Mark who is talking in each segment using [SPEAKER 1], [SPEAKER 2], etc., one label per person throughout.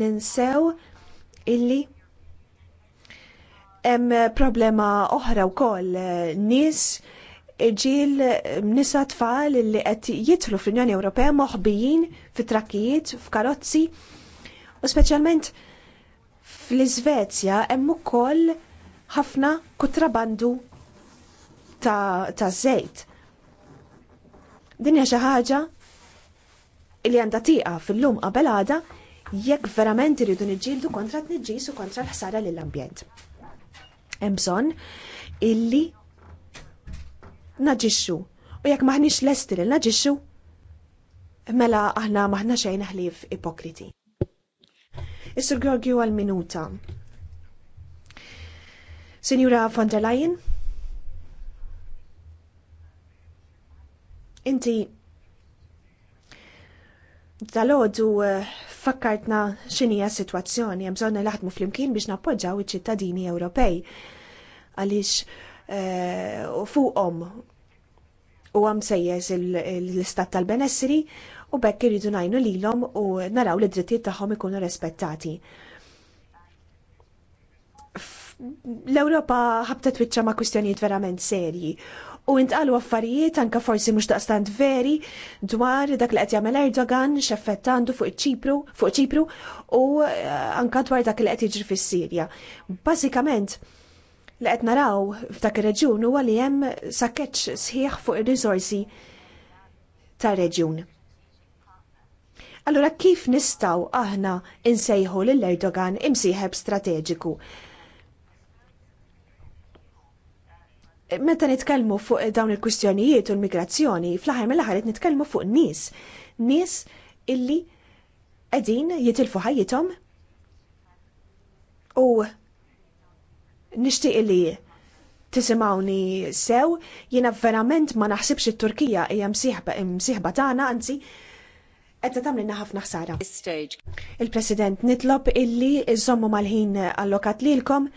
[SPEAKER 1] ninsew illi hemm problema oħra wkoll nies ġil nisa tfal li qed jidħlu fl-Unjoni Ewropea moħbijin fit-trakkijiet f'karozzi u speċjalment fl-Iżvezja hemm ukoll ħafna kutrabandu ta', ta żejt. Din hija xi ħaġa li għandha tieqa fil-lum qabel għada jekk verament iridu niġġieldu kontra t-nġis u kontra l-ħsara lill-ambjent. Hemm bżonn illi naġixxu u jekk maħniex lesti li naġixxu mela aħna maħna xejn ħlif ipokriti. Is-Sur Georgiju għal-minuta. Sinjura von der Leyen, inti dal-ħodu uh, fakkartna xinija situazzjoni, sitwazzjoni laħdmu fl naħdmu flimkien biex nappoġġaw iċ-ċittadini Ewropej għaliex eh, u fuqhom u għam sejjeż l-istat tal-benessri u bekk irridu najnu lilhom u naraw li drittijiet tagħhom ikunu rispettati. L-Ewropa ħabta twitxa ma' kwistjonijiet verament serji u intqalu affarijiet anka forsi mhux daqstant veri dwar dak li qed jagħmel Erdogan x'effettandu fuq ċipru fuq ċipru u eh, anka dwar dak li qed jiġri fis-Sirja. Bażikament li qed naraw f'dak ir-reġjun huwa li hemm sakkeċċ sħiħ fuq ir-riżorsi tar-reġjun. Allura kif nistaw aħna insejħu lill-Erdogan imsieħeb strateġiku? meta nitkellmu fuq dawn il-kwistjonijiet u l-migrazzjoni, fl-aħħar mill-aħħar qed nitkellmu fuq nies, nies illi qegħdin jitilfu ħajjithom u nixtieq illi tisimawni sew, jiena verament ma naħsibx it-Turkija hija msieħba tagħna, anzi qed tagħmlilna ħafna ħsara. Il-President nitlob illi iżommu mal-ħin allokat lilkom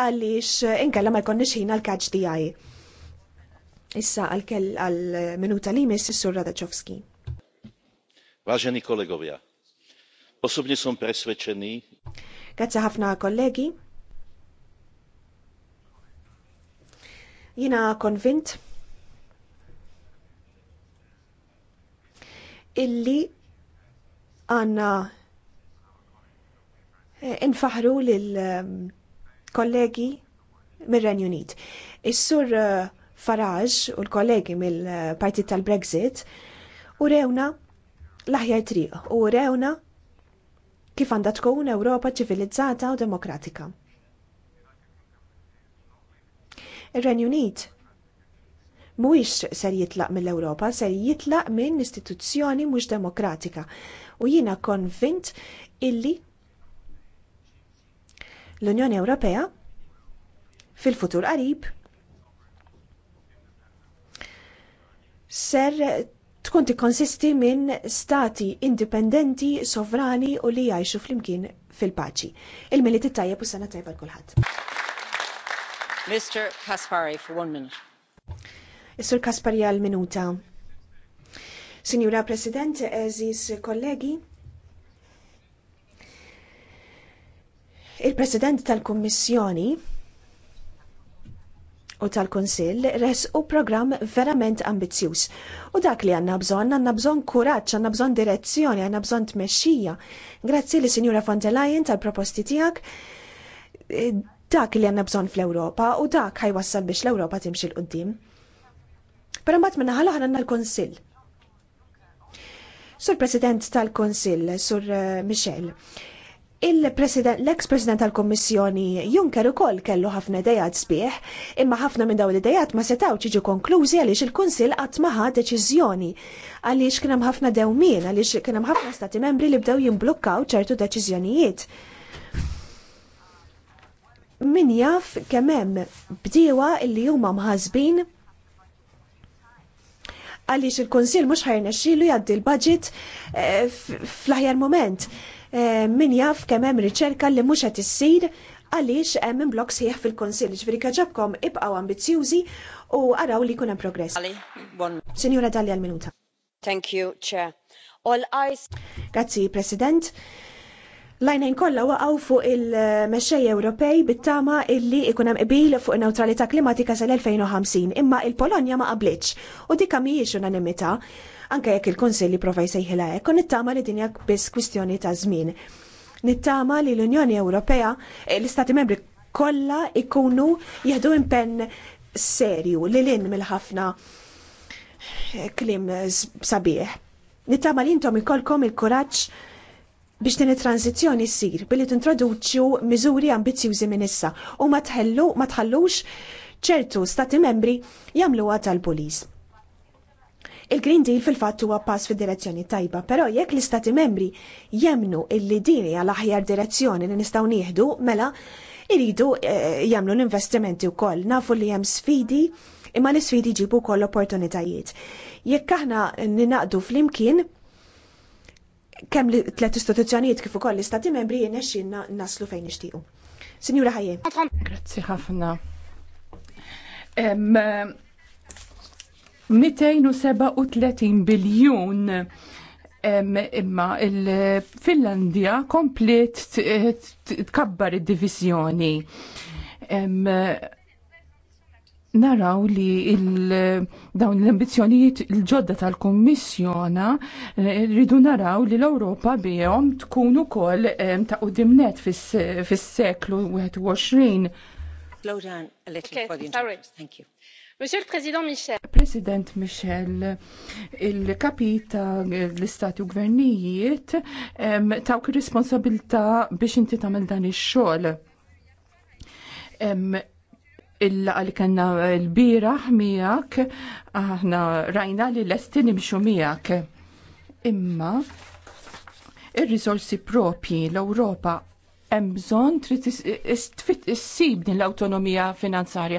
[SPEAKER 1] għalix eh, inkella ma jkonni ħin għal-kaġ għaj. Issa għal-kell għal-minuta li jmiss s sur Radaċovski.
[SPEAKER 2] Vaġeni kollegovja, posubni som presveċeni.
[SPEAKER 1] Grazzi ħafna kollegi. Jina konvint illi għanna eh, infaħru lil eh, kollegi mir-Renju Unit. Is-sur uh, Farage u l-kollegi mill-Partit tal-Brexit u rewna l-aħjar triq u rewna kif għandha tkun Ewropa ċivilizzata u demokratika. Ir-Renju Unit mhuwiex ser jitlaq mill-Ewropa, ser jitlaq minn istituzzjoni mhux demokratika. U jiena konvint illi L-Unjoni Ewropea fil-futur qarib ser tkun tikkonsisti minn stati indipendenti, sovrani u li jgħixu flimkien fil-paċi. Il-militi tajjeb u sena tajjeb kulħadd. Mr. Kaspari, for one minute. Is-Sur Kaspari għal minuta. Signora President, eżis kollegi, Il-President tal-Kummissjoni u tal-Kunsill resqu programm verament ambizzjuż. U dak li għandna bżonn, għandna bżonn kuraġġ, għandna bżonn direzzjoni, għandna bżonn tmexxija. Grazzi li Signora von der Leyen tal-proposti tiegħek. Eh, dak li għandna bżonn fl-Ewropa u dak ħajwassal biex l-Ewropa timxi l-qudiem. Però mbagħad minna ħala għandna l-Kunsill. Sur President tal-Konsil, Sur eh, Michel, l-ex-president tal-Kommissjoni Juncker ukoll kellu ħafna dejat sbieħ, imma ħafna minn dawn l dejat ma setaw ġiġu konklużi għaliex il-Kunsill qatt maħa deċiżjoni għaliex kien hemm ħafna dewmien għaliex kien hemm ħafna stati membri li bdew jimblukkaw ċertu deċiżjonijiet. Min jaf kemm hemm bdiewa li huma mħasbin għaliex il-Kunsill mhux ħajrnexxielu jgħaddi l-budget eh, fl-aħjar moment Eh, min jaf kemm hemm riċerka li mhux qed issir għaliex hemm imblok sieħ fil konsil Ġveri kaġabkom ibqgħu ambizzjużi u araw li jkun hemm progress. Sinjura Dalli għal-minuta. Thank you, Chair. All eyes. Grazzi, President. Lajnejn kollha waqgħu fuq il-mexxej Ewropej bit-tama illi ikun hemm qbil fuq neutralità klimatika sal-2050, imma il-Polonja ma qablitx u dik mhijiex unanimità anke jekk il-Kunsill prova jsejħilha hekk, u nittama li dinja biss kwistjoni ta' żmien. Nittama li l-Unjoni Ewropea, eh, l-Istati Membri kollha jkunu jieħdu impenn serju li lin mill-ħafna eh, klim sabiħ. Nittama li intom ikolkom il-kuraġġ biex din it-tranzizzjoni ssir billi tintroduċu miżuri ambizjużi minn issa u ma tħellu ma tħallux ċertu stati membri jagħmluha tal-pulis. Il-Green Deal fil-fatt huwa pass fid-direzzjoni tajba, però jekk l-Istati membri jemnu illi dini għal aħjar direzzjoni li nistgħu nieħdu mela iridu eh, jagħmlu l-investimenti wkoll. Nafu li hemm sfidi imma l-isfidi ġibu koll opportunitajiet. Jekk aħna ninaqdu fl-imkien, kemm li tlet istituzzjonijiet kif ukoll l-istati membri jinexxinna naslu fejn nixtiequ. Sinjura Ħajje. Grazzi ħafna.
[SPEAKER 3] 237 biljun imma il-Finlandja komplet tkabbar id-divizjoni. Naraw li dawn l-ambizjonijiet il-ġodda tal-Kommissjona eh, rridu naraw li l-Ewropa bihom tkun ukoll ta' dimnet fis-seklu 21.
[SPEAKER 1] Slow down a little for the Thank you. Monsieur le Président Michel
[SPEAKER 3] president Michel il-kapita l-istati u gvernijiet tawk responsabilta biex inti tagħmel dan ix-xogħol. Illa għal kanna l-biraħ miegħek aħna rajna li l-estin imxu miegħek. Imma il risorsi propi l-Ewropa hemm bżonn trid issib din l-awtonomija finanzarja.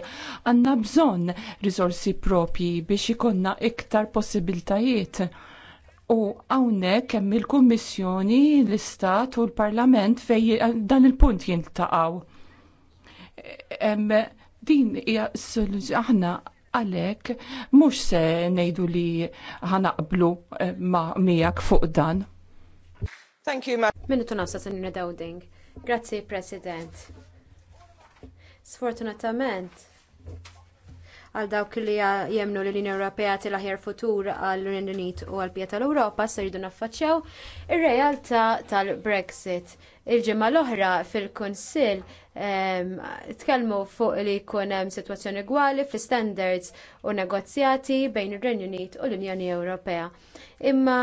[SPEAKER 3] Għandna bżonn riżorsi propji biex ikonna iktar possibiltajiet. U hawnhekk hemm il-Kummissjoni, l-Istat u l-Parlament fej dan il-punt jintaqgħu. Din hija aħna għalhekk mhux se ngħidu li ħanaqblu eh, ma' miegħek fuq dan
[SPEAKER 4] Thank you, ma'am. Minutu nasa sanina Dowding. Grazzi, President. Sfortunatament, għal dawk li jemnu li l-Unjoni Ewropea til-aħjar futur għal unjoni Unit u għall pieta tal-Ewropa se jridu naffaċċjaw ir-realtà tal-Brexit. Il-ġimgħa l-oħra fil-Kunsill ehm, tkellmu fuq li jkun hemm sitwazzjoni gwali fl-standards u negozjati bejn ir-Renju Unit u l-Unjoni Ewropea. Imma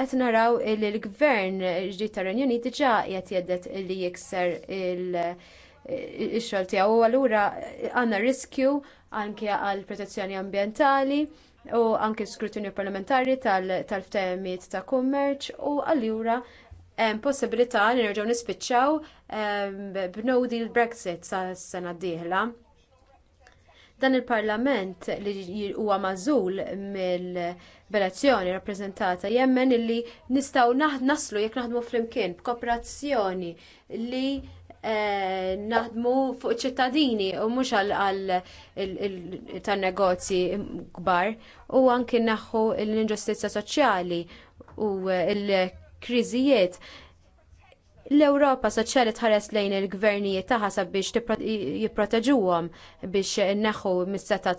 [SPEAKER 4] qed naraw li l-gvern ġdid tar-Renju Unit diġà qed jeddet li jikser il-xogħol tiegħu u allura għandna riskju anke għal protezzjoni ambjentali u anke skrutinju parlamentari tal-ftehimiet ta' kummerċ u allura hemm possibilità li nerġgħu nispiċċaw ehm, b'no deal Brexit sa' sena d-dieħla. Dan il-Parlament li huwa mażul mill-velazzjoni rappreżentata jemmen illi nistgħu naslu jekk naħdmu flimkien b'kooperazzjoni li eh, naħdmu fuq ċittadini u mhux għal tan-negozji kbar u anki naħħu l-inġustizza soċjali u l-kriżijiet l-Ewropa soċjali tħares lejn il-gvernijiet tagħha sabiex jipproteġuhom biex neħu mis-seta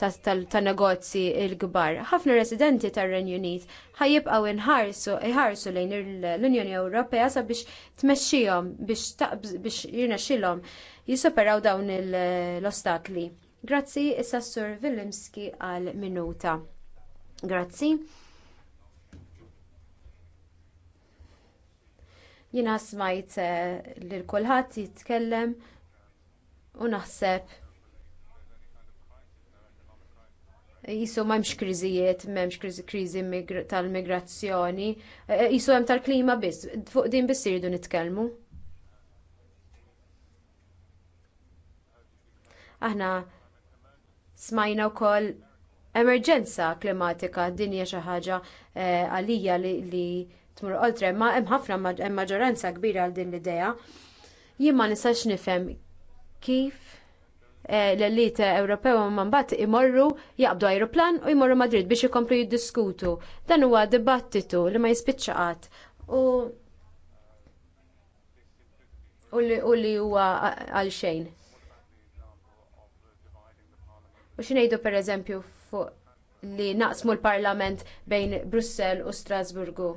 [SPEAKER 4] tan-negozji l-kbar. Ħafna residenti tar-Renju Unit ħajibqgħu inħarsu iħarsu lejn l-Unjoni Ewropea sabiex tmexxihom biex biex jirnexxilhom jisuperaw dawn l-ostakli. Grazzi issa Sur Willimski għal minuta. Grazzi. Jina smajt eh, li l-kulħadd jitkellem u naħseb jisu m'hemmx kriżijiet, m'hemmx kriżi tal-migrazzjoni, eh, jisu hemm tal-klima biss, fuq din biss iridu nitkellmu. Aħna smajna wkoll emerġenza klimatika din hija xi ħaġa eh, għalija li tmur oltre, ma hemm ħafna maġġoranza kbira għal din l-idea. Jien ma nistax nifhem kif eh, l-elit Ewropew ma mbagħad imorru jaqbdu ajruplan u jmorru Madrid biex ikomplu jiddiskutu. Dan huwa dibattitu li ma jispiċċa qatt. U u li huwa għal xejn. U xi ngħidu pereżempju fuq li naqsmu l-parlament bejn Brussel u Strasburgu.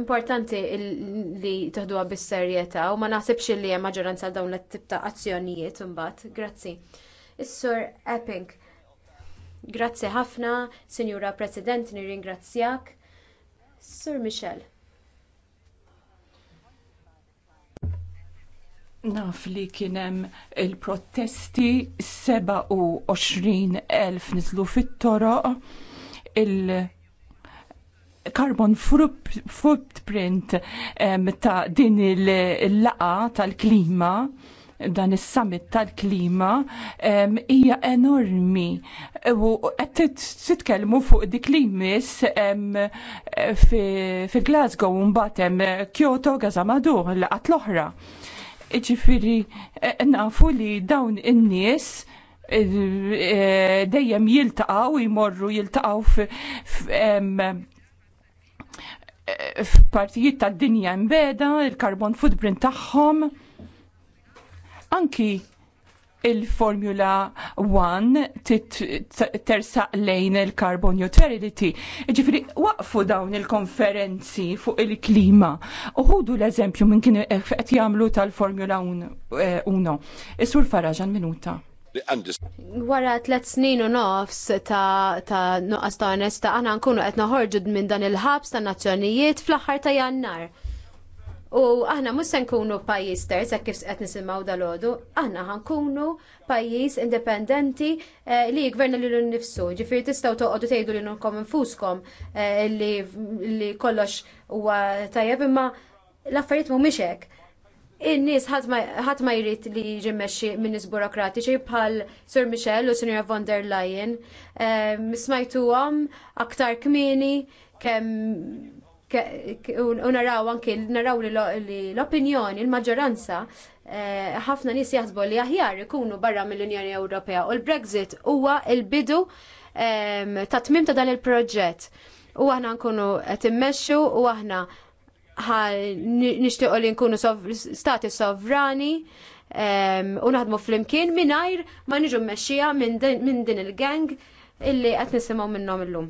[SPEAKER 4] Importanti li taħduha bis-serjetà u ma naħsibx li hemm maġġoranza dawn it-tip ta' azzjonijiet imbagħad. Grazzi. Is-Sur Epping. Grazzi ħafna, Sinjura President, nirringrazzjak. Sur Michel.
[SPEAKER 3] Naf li kienem il-protesti 27.000 nizlu fit-toroq il- carbon footprint ta' din il-laqa tal-klima dan is-summit tal-klima hija enormi u qed titkellmu fuq dik li jmiss fi Glasgow mbagħad hemm Kyoto Gazamadu laqat l-oħra. Iġifieri e, nafu li dawn in-nies e, dejjem jiltaqgħu jmorru jiltaqgħu f'partijiet tad-dinja mbeda, il-carbon footprint tagħhom. Anki il-Formula 1 tersaq lejn il-carbon neutrality. jiġifieri waqfu dawn il-konferenzi fuq il-klima. Uħudu l-eżempju minn kien qed jagħmlu tal-Formula 1. Eh, Is-sur Faraġan minuta.
[SPEAKER 4] Wara tlet snin u nofs ta' ta' nuqqas ta' onesta aħna nkunu qed ħorġu minn dan il-ħabs ta' nazzjonijiet fl-aħħar ta' Jannar. U aħna mhux se nkunu pajjiż terz hekk kif qed nisimgħu dalodu, aħna ħankunu pajjiż indipendenti eh, li jgverna lilu nnifsu. Ġifieri tistgħu toqgħodu tgħidu lil nkom infuskom eh, li kollox huwa tajjeb imma l-affarijiet mhumiex hekk in-nies ħadd ma jrid li jiġi minn nies burokratiċi bħal Sir Michel u Sinjora von der Leyen. Smajtuhom aktar kmieni kemm u naraw anke naraw li l-opinjoni, il-maġġoranza eh, ħafna nies jaħsbu li aħjar ikunu barra mill-Unjoni Ewropea u l-Brexit huwa l-bidu ta' tmim ta' dan il-proġett. U aħna nkunu qed immexxu u aħna Ħal nixtiequ li nkunu stati sovrani u naħdmu flimkien mingħajr ma niġu mmexxija minn din il-gang illi qed nisimgħu minnhom illum.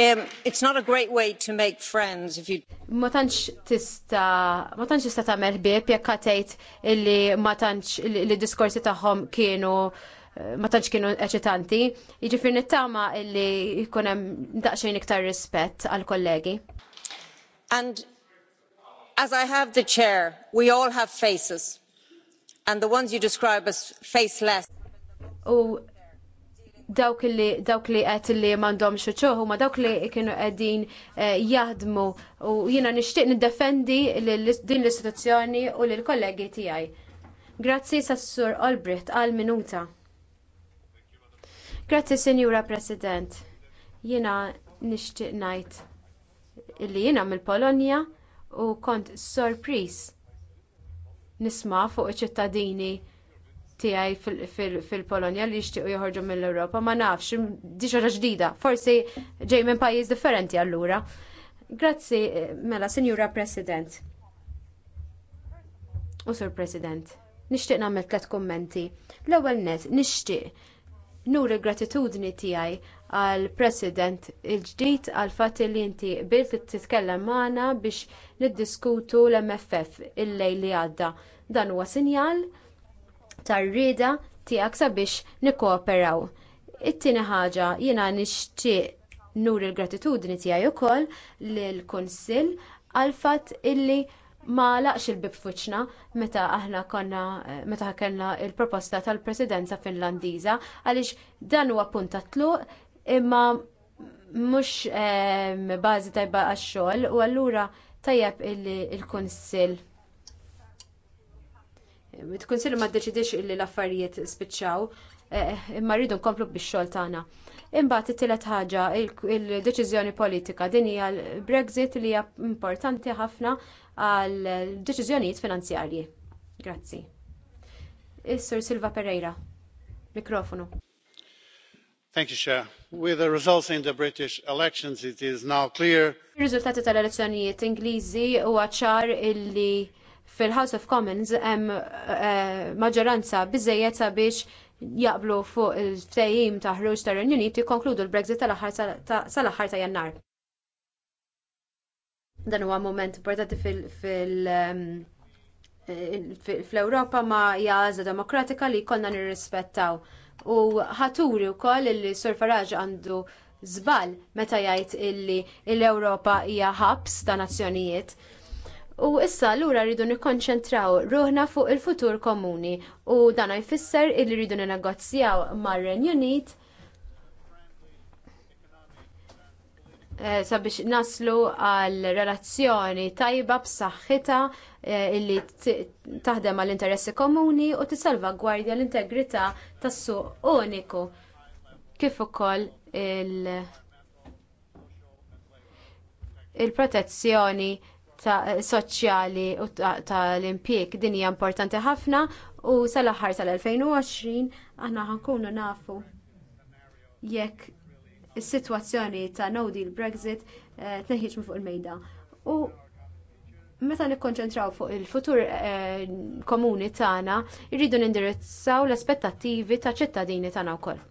[SPEAKER 4] It's not a great way to make friends if you Ma tantx tista ma tantx tista tagħmel ħbieb jekk illi ma tantx li diskorsi tagħhom kienu ma tantx kienu eċitanti. Iġifir nittama illi jkun hemm daqsxejn iktar rispett għall kollegi and as i have the chair we all have faces and the ones you describe as faceless u dawk li dawk li qed li m'għandhomx uċċuħ huma dawk li kienu qegħdin eh, jaħdmu u jiena nixtieq niddefendi din l-istituzzjoni u lil kollegi tiegħi. Grazzi Sassur Olbricht għal minuta. Grazzi Sinjura President. Jiena nixtieq ngħid illi jiena mill-Polonja u kont sorpriż nisma' fuq iċ-ċittadini tiegħi fil-Polonja li jixtiequ joħorġu mill-Ewropa ma nafx di xi ġdida, forsi ġej minn pajjiż differenti allura. Grazzi, mela, Sinjura President. U Sur President, nixtieq nagħmel tliet kummenti. L-ewwel nett nixtieq nuri gratitudni tiegħi għall president il-ġdid għal fatt li inti qbilt titkellem magħna biex niddiskutu l-MFF il-lejl li għadda. Dan huwa sinjal tar-rieda tiegħek sabiex nikkooperaw. It-tieni ħaġa jiena nixtieq nur il-gratitudni tiegħi wkoll lill-Kunsill għal fatt illi ma laqx il-bib fuċna meta aħna konna meta kellna l proposta tal-presidenza Finlandiża għaliex dan huwa punt ta' tluq imma mhux ehm, bażi tajba għax-xogħol u allura tajjeb il-kunsill il-kunsill ma ddeċidix illi l-affarijiet spiċċaw eh, imma rridu nkomplu bix-xogħol tagħna. Imbagħad it-tielet ħaġa il-deċiżjoni politika din hija l-Brexit li hija importanti ħafna għal deċiżjonijiet finanzjarji. Grazzi. Is-Sur Silva Pereira. Mikrofonu.
[SPEAKER 5] With the results in the British elections, it is now clear.
[SPEAKER 4] Ir-riżultati tal-elezzjonijiet Ingliżi huwa ċar illi fil-House of Commons hemm eh, maġġoranza biżejjed sabiex jaqblu fuq il-ftehim ta' ħruġ tar renju Unit jikkonkludu l-Brexit tal-aħħar sal-aħħar ta' Jannar. Dan huwa moment importanti fil- eh, fl-Ewropa ma jaza demokratika li jkollna nirrispettaw U ħaturi wkoll illi Sur Farage għandu żball meta jgħid illi l-Ewropa hija ħabs ta' nazzjonijiet. U issa allura rridu nikkonċentraw ruħna fuq il-futur komuni u dan jfisser illi rridu ninnegozjaw mar-Renju Unit Eh, sabiex naslu għal relazzjoni tajba b'saħħitha eh, illi taħdem għall interessi komuni u tissalvagwardja l-integrità tas-suq uniku kif ukoll il-protezzjoni soċjali u tal-impjieg din hija importanti ħafna u sal-aħħar tal-2020 aħna ħankunu nafu jekk is-sitwazzjoni ta' no deal Brexit eh, tneħħiġ fuq il-mejda. U meta nikkonċentraw fuq il-futur eh, komuni tagħna, irridu nindirizzaw l-aspettattivi ta' ċittadini tagħna wkoll.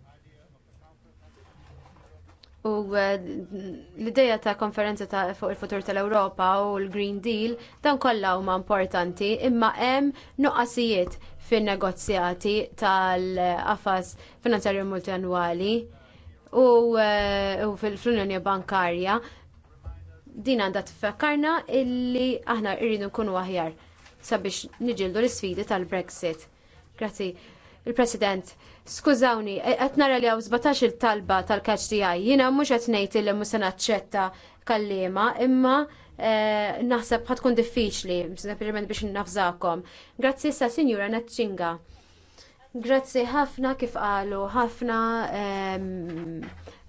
[SPEAKER 4] U eh, l-ideja ta' konferenza ta' fuq il-futur tal-Ewropa u l-Green Deal dan kollha huma importanti imma hemm nuqqasijiet fin-negozjati tal-qafas finanzjarju multjanwali Eh, u fil-Unjoni Bankarja din għandha tifakkarna illi aħna irridu nkunu aħjar sabiex niġildu l-isfidi tal-Brexit. Grazzi. Il-President, skużawni, eh, qed nara li hawn 17 il-talba tal-kaċ DI. Jiena mhux qed ngħid li mhux se naċċetta kallima, imma eh, naħseb tkun diffiċli, sempliċement biex nafżakom. Grazzi sa Sinjura Naċċinga. Grazzi ħafna kif qalu, ħafna ehm,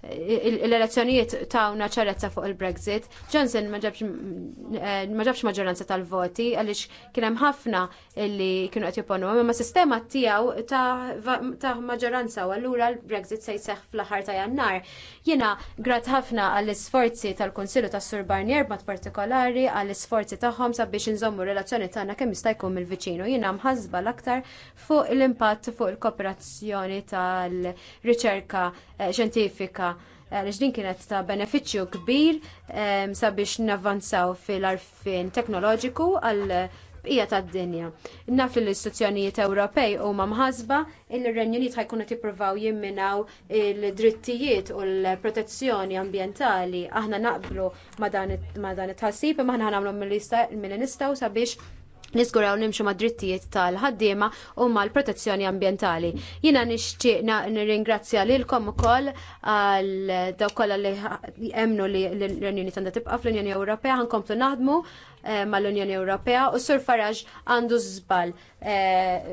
[SPEAKER 4] l-elezzjonijiet tawna ċarezza fuq il-Brexit. Johnson eh, ma ġabx maġġoranza tal-voti għaliex kien hemm ħafna li kienu qed jipponu, imma sistema tiegħu ta' maġġoranza u allura l-Brexit se jseħħ fl-aħħar ta' Jannar. Jiena grat ħafna għall-isforzi tal-Kunsillu tas-Sur Barnier b'mod partikolari għall-isforzi tagħhom sabiex inżommu relazzjoni tagħna kemm jista' jkun mill-viċinu. Jiena mħassba l-aktar fuq l-impatt fuq il-kooperazzjoni tal-riċerka eh, xjentifika eh, għaliex din kienet ta' benefiċċju kbir eh, sabiex navvanzaw fil-arfin teknoloġiku għal hija bqija tad-dinja. Naf li istituzzjonijiet Ewropej huma mħasba il renju Unit qed tippruvaw jimminaw il-drittijiet u l-protezzjoni ambjentali Aħna naqblu ma dan it-tħassib imma aħna nagħmlu mill-nistgħu sabiex niżguraw nimxu mad-drittijiet tal-ħaddiema u mal-protezzjoni ambjentali. Jiena nixtieq nirringrazzja lilkom ukoll għal dawk kollha li jemnu li l-Unjoni tanda tibqa' fl-Unjoni Ewropea ħankomplu naħdmu eh, mal-Unjoni Ewropea u Sur Faraġ għandu żball eh,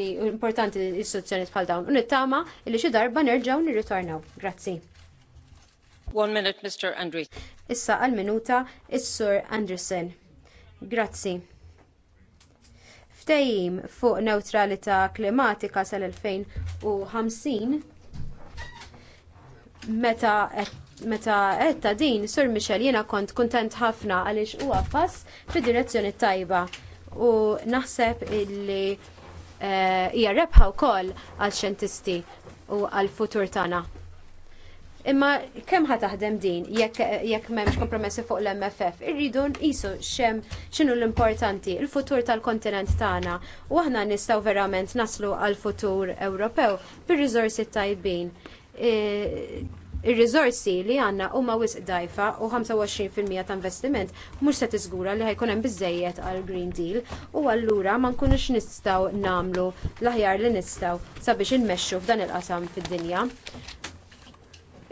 [SPEAKER 4] li importanti istituzzjoni bħal dawn. U nittama li xi darba nerġgħu nirritornaw. Grazzi. One minute, Mr. Andri. Issa għal minuta is-Sur Anderson. Grazzi ftehim fuq newtralità klimatika sal-2050 meta qed ta' din Sur Michel jiena kont kuntent ħafna għaliex huwa pass fid-direzzjoni tajba u naħseb li eh, hija rebħa wkoll għax-xjentisti u għall-futur tagħna. Imma kemm ħa taħdem din jekk jekk m'hemmx kompromessi fuq l-MFF, irridu nqisu xem x'inhu l-importanti il-futur tal-kontinent tagħna u aħna nistgħu verament naslu għal futur Ewropew bir-riżorsi tajbin. E, ir-riżorsi li għandna huma wisq dajfa u 25% ta' investiment mhux se tiżgura li ħajkun hemm biżżejjed għal Green Deal u allura ma nkunux nistgħu nagħmlu l-aħjar li nistgħu sabiex inmexxu f'dan il-qasam fid-dinja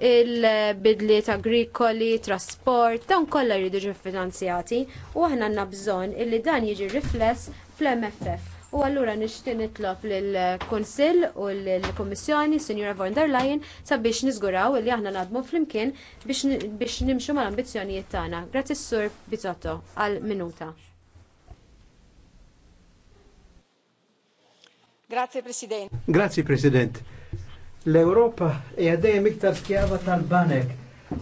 [SPEAKER 4] il-bidliet agrikoli, trasport, dawn kollha jridu ġi finanzjati u aħna għandna bżonn illi dan jiġi rifless fl-MFF. U allura nixtieq nitlob lill-Kunsill u lill-Kummissjoni, Sinjura von der Leyen, sabiex niżguraw li aħna nadmu flimkien biex nimxu mal-ambizzjonijiet tagħna. Grazzi s-Sur Bizotto għal minuta.
[SPEAKER 1] Grazie President.
[SPEAKER 5] Grazie President L-Europa hija dejjem iktar skjava tal-banek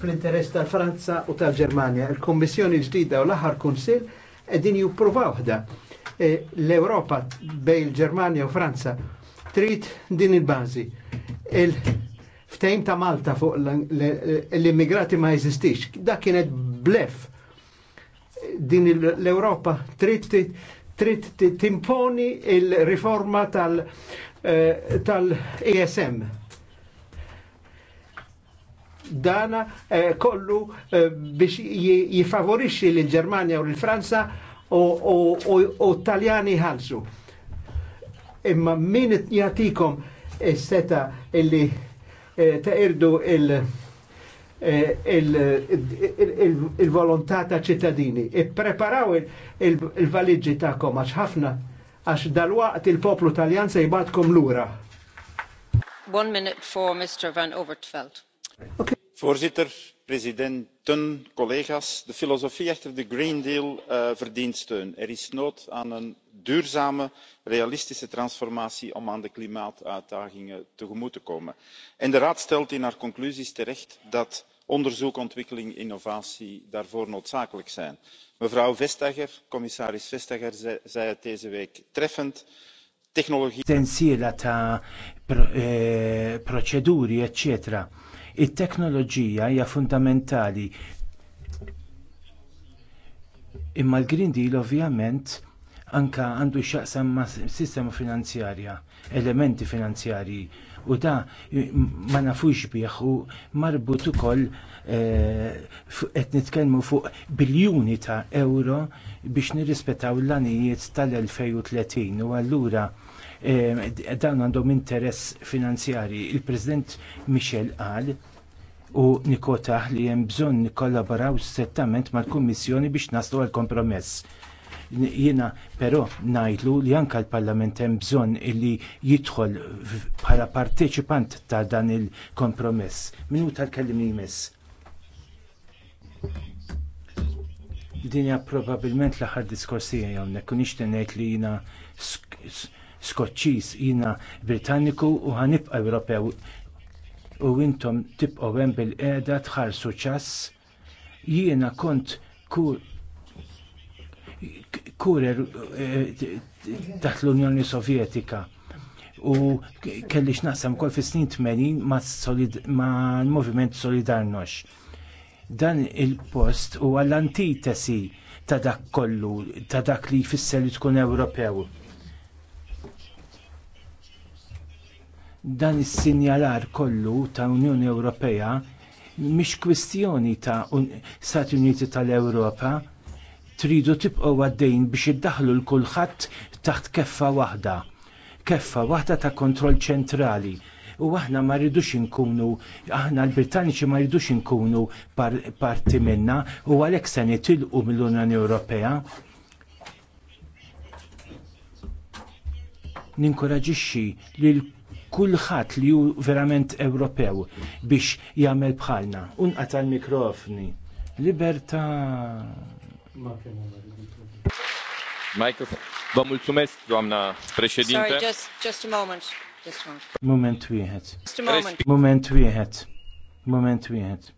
[SPEAKER 5] fl-interess tal-Franza u tal germania Il-Kommissjoni ġdida u l-aħħar Kunsill qegħdin jippruvaw ħda. E, L-Europa bej il germania u Franza trid din il bazi Il-ftejm ta' Malta fuq l-immigrati ma jeżistix. Da kienet blef. Din l-Europa trid trid timponi il-riforma tal-ESM. tal esm dana eh, kollu eh, biex jifavorixxi l-Ġermanja u l-Franza u Taljani ħalsu. Imma min jatikom is-seta illi eh, ta' irdu il- il-volontà ta' ċittadini. Ippreparaw il-valiġġi ta'kom għax ħafna għax dal-waqt il-poplu taljan se jibadkom lura.
[SPEAKER 4] One minute for Mr. Van Overtveld.
[SPEAKER 2] Okay voorzitter presidenten collega's de filosofie achter de green deal eh, verdient steun. er is nood aan een duurzame realistische transformatie om aan de klimaatuitdagingen tegemoet te komen en de raad stelt in haar conclusies terecht dat onderzoek ontwikkeling en innovatie daarvoor noodzakelijk zijn. mevrouw vestager commissaris vestager zei het deze week treffend technologie. sensiela ta' proċeduri eh, it-teknoloġija hija fundamentali. Imma l-Green Deal ovvjament anke għandu x'jaqsam ma' sistema finanzjarja, elementi finanzjarji u da ma nafux bih u marbut ukoll eh, qed nitkellmu fuq biljuni ta' euro biex nirrispettaw l-anijiet tal-2030 u allura Ehm, dan għandhom interess finanzjarji. Il-President Michel qal u nikotaħ li hemm bżonn nikkollaboraw strettament mal-Kummissjoni biex naslu għal kompromess. Jiena però ngħidlu li anke l-Parlament hemm bżonn illi jidħol bħala parteċipant ta' dan il-kompromess. Minuta l kellim jmiss. Dinja probabbilment l-aħħar diskors tiegħi hawnhekk u nixtieq ngħid li jiena Skoċċiż jiena Britanniku u ħanibqa' Ewropew u intom tibqgħu hemm bil-qiegħda tħarsu ċass. Jiena kont kur kurer eh, taħt l-Unjoni Sovjetika u kelli x'naqsam kol fis snin 80 ma' l-Moviment Solidarnox. Dan il-post huwa l antitesi ta' dak kollu, ta' dak li jfisser li tkun Ewropew. dan is-sinjalar kollu ta' Unjoni Ewropea mhix kwistjoni ta' Stati Uniti tal-Ewropa tridu tibqgħu għaddejn biex iddaħħlu l kulħadd taħt keffa waħda. Keffa waħda ta' kontroll ċentrali. U aħna ma rridux inkunu, aħna l-Britanniċi ma rridux inkunu parti minna u għalhekk se nitilqu mill-Unjoni Ewropea. Ninkoraġixxi lil kulħadd li hu verament Ewropew biex jagħmel bħalna. Unqata l-mikrofni. Libertà. Michael, doamna președinte. Sorry, just,
[SPEAKER 1] just a moment.
[SPEAKER 2] moment. wieħed. Moment wieħed. Moment wieħed.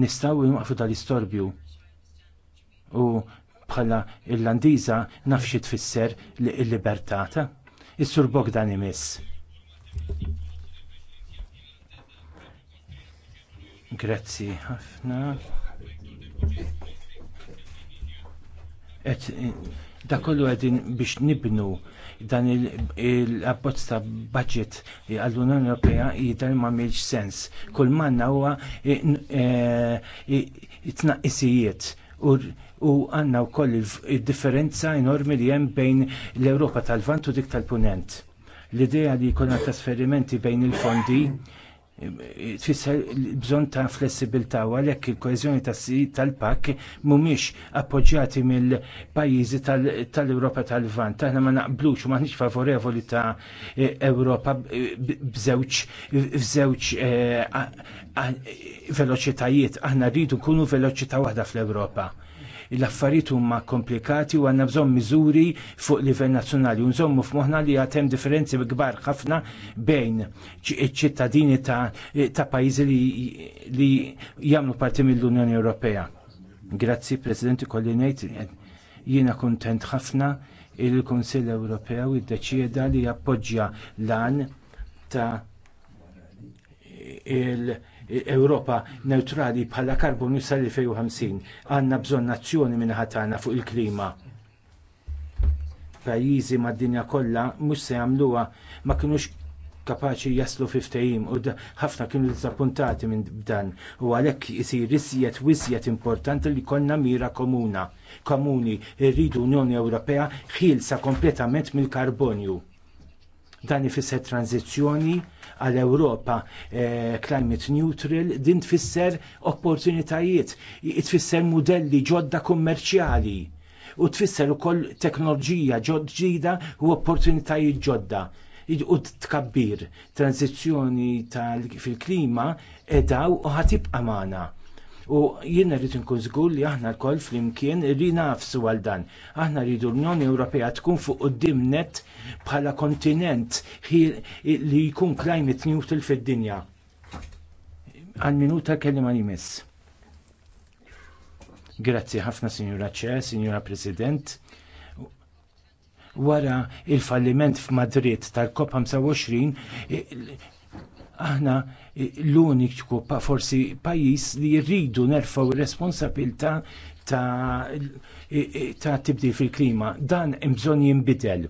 [SPEAKER 2] Nistgħu nwaqfu tal-istorbju. U bħala Irlandiża naf xi tfisser l-libertata. Is-Sur Bogdan imiss. Grazzi ħafna. Et da kollu għedin biex nibnu dan il-abbozz ta' budget għall-Unjoni Ewropea jidher ma miex sens. Kull manna huwa eh, eh, tnaqqisijiet u u għandna wkoll differenza enormi li hemm bejn l-Ewropa tal-Vant u dik tal-Punent. L-idea li jkollna trasferimenti bejn il-fondi tfisser bżon ta' flessibilità u għalhekk il-koeżjoni tal-pak mhumiex appoġġjati mill-pajjiżi tal-Ewropa tal-Lvant. Aħna ma naqblux u maħniex favorevoli ta' Ewropa b'żewġ f'żewġ eh, veloċitajiet. Aħna rridu nkunu veloċità waħda fl-Ewropa l-affarijiet huma komplikati u għandna bżonn miżuri fuq livell nazzjonali. Nżommu f'moħħna li għad hemm differenzi kbar ħafna bejn iċ-ċittadini ta', ta pajjiżi li, li jagħmlu parti mill-Unjoni Ewropea. Grazzi Presidenti kolli ngħid jiena kuntent ħafna il-Kunsill Ewropew iddeċieda li jappoġġja l-għan ta' il- Ewropa neutrali bħala karbonju sal-2050. Għanna bżonn nazzjoni minn ħatana fuq il-klima pajjiżi mad-dinja kollha mhux se jagħmluha ma kinux kapaċi jaslu fi u ħafna kienu disappuntati minn dan u għalhekk isir isjed wisjet importanti li jkollna mira komuna komuni rridu Unjoni Ewropea ħielsa kompletament mill-karbonju Dan ifisser tranzizzjoni għal Ewropa eh, climate neutral, din tfisser opportunitajiet, tfisser mudelli ġodda kummerċjali u tfisser ukoll teknoloġija ġodda u opportunitajiet ġodda u tkabbir tranzizzjoni fil-klima edaw u ħatibqa' magħna U jien rrid inkun żgur li aħna lkoll flimkien irri nafsu għal dan. Aħna rridu l-Unjoni Ewropea tkun fuq quddiem net bħala kontinent li jkun climate neutral fid-dinja. Għal minuta kellim għal jmiss. Grazzi ħafna, Sinjura Ċe, Sinjura President wara il-falliment f'Madrid tal-COP25 aħna eh, l-uniku pa forsi pajjiż li rridu nerfaw r responsabilità ta', eh, eh, ta tibdil fil-klima. Dan imżon jinbidel.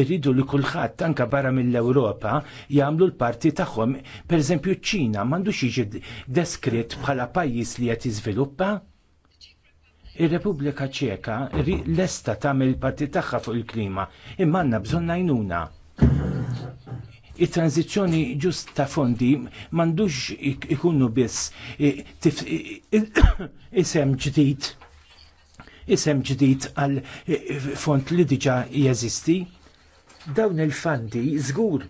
[SPEAKER 2] Irridu li kulħadd anke barra mill-Ewropa jagħmlu l-parti tagħhom. Pereżempju ċ-Ċina m'għandux jiġi deskritt bħala pajjiż li qed jiżviluppa. Ir-Repubblika Ċeka lesta tagħmel il-parti tagħha fuq il-klima, imma għandna bżonn għajnuna it transizzjoni ġust ta' fondi m'għandux ikunu biss isem ġdid isem ġdid għal font li diġa jeżisti. Dawn il-fandi żgur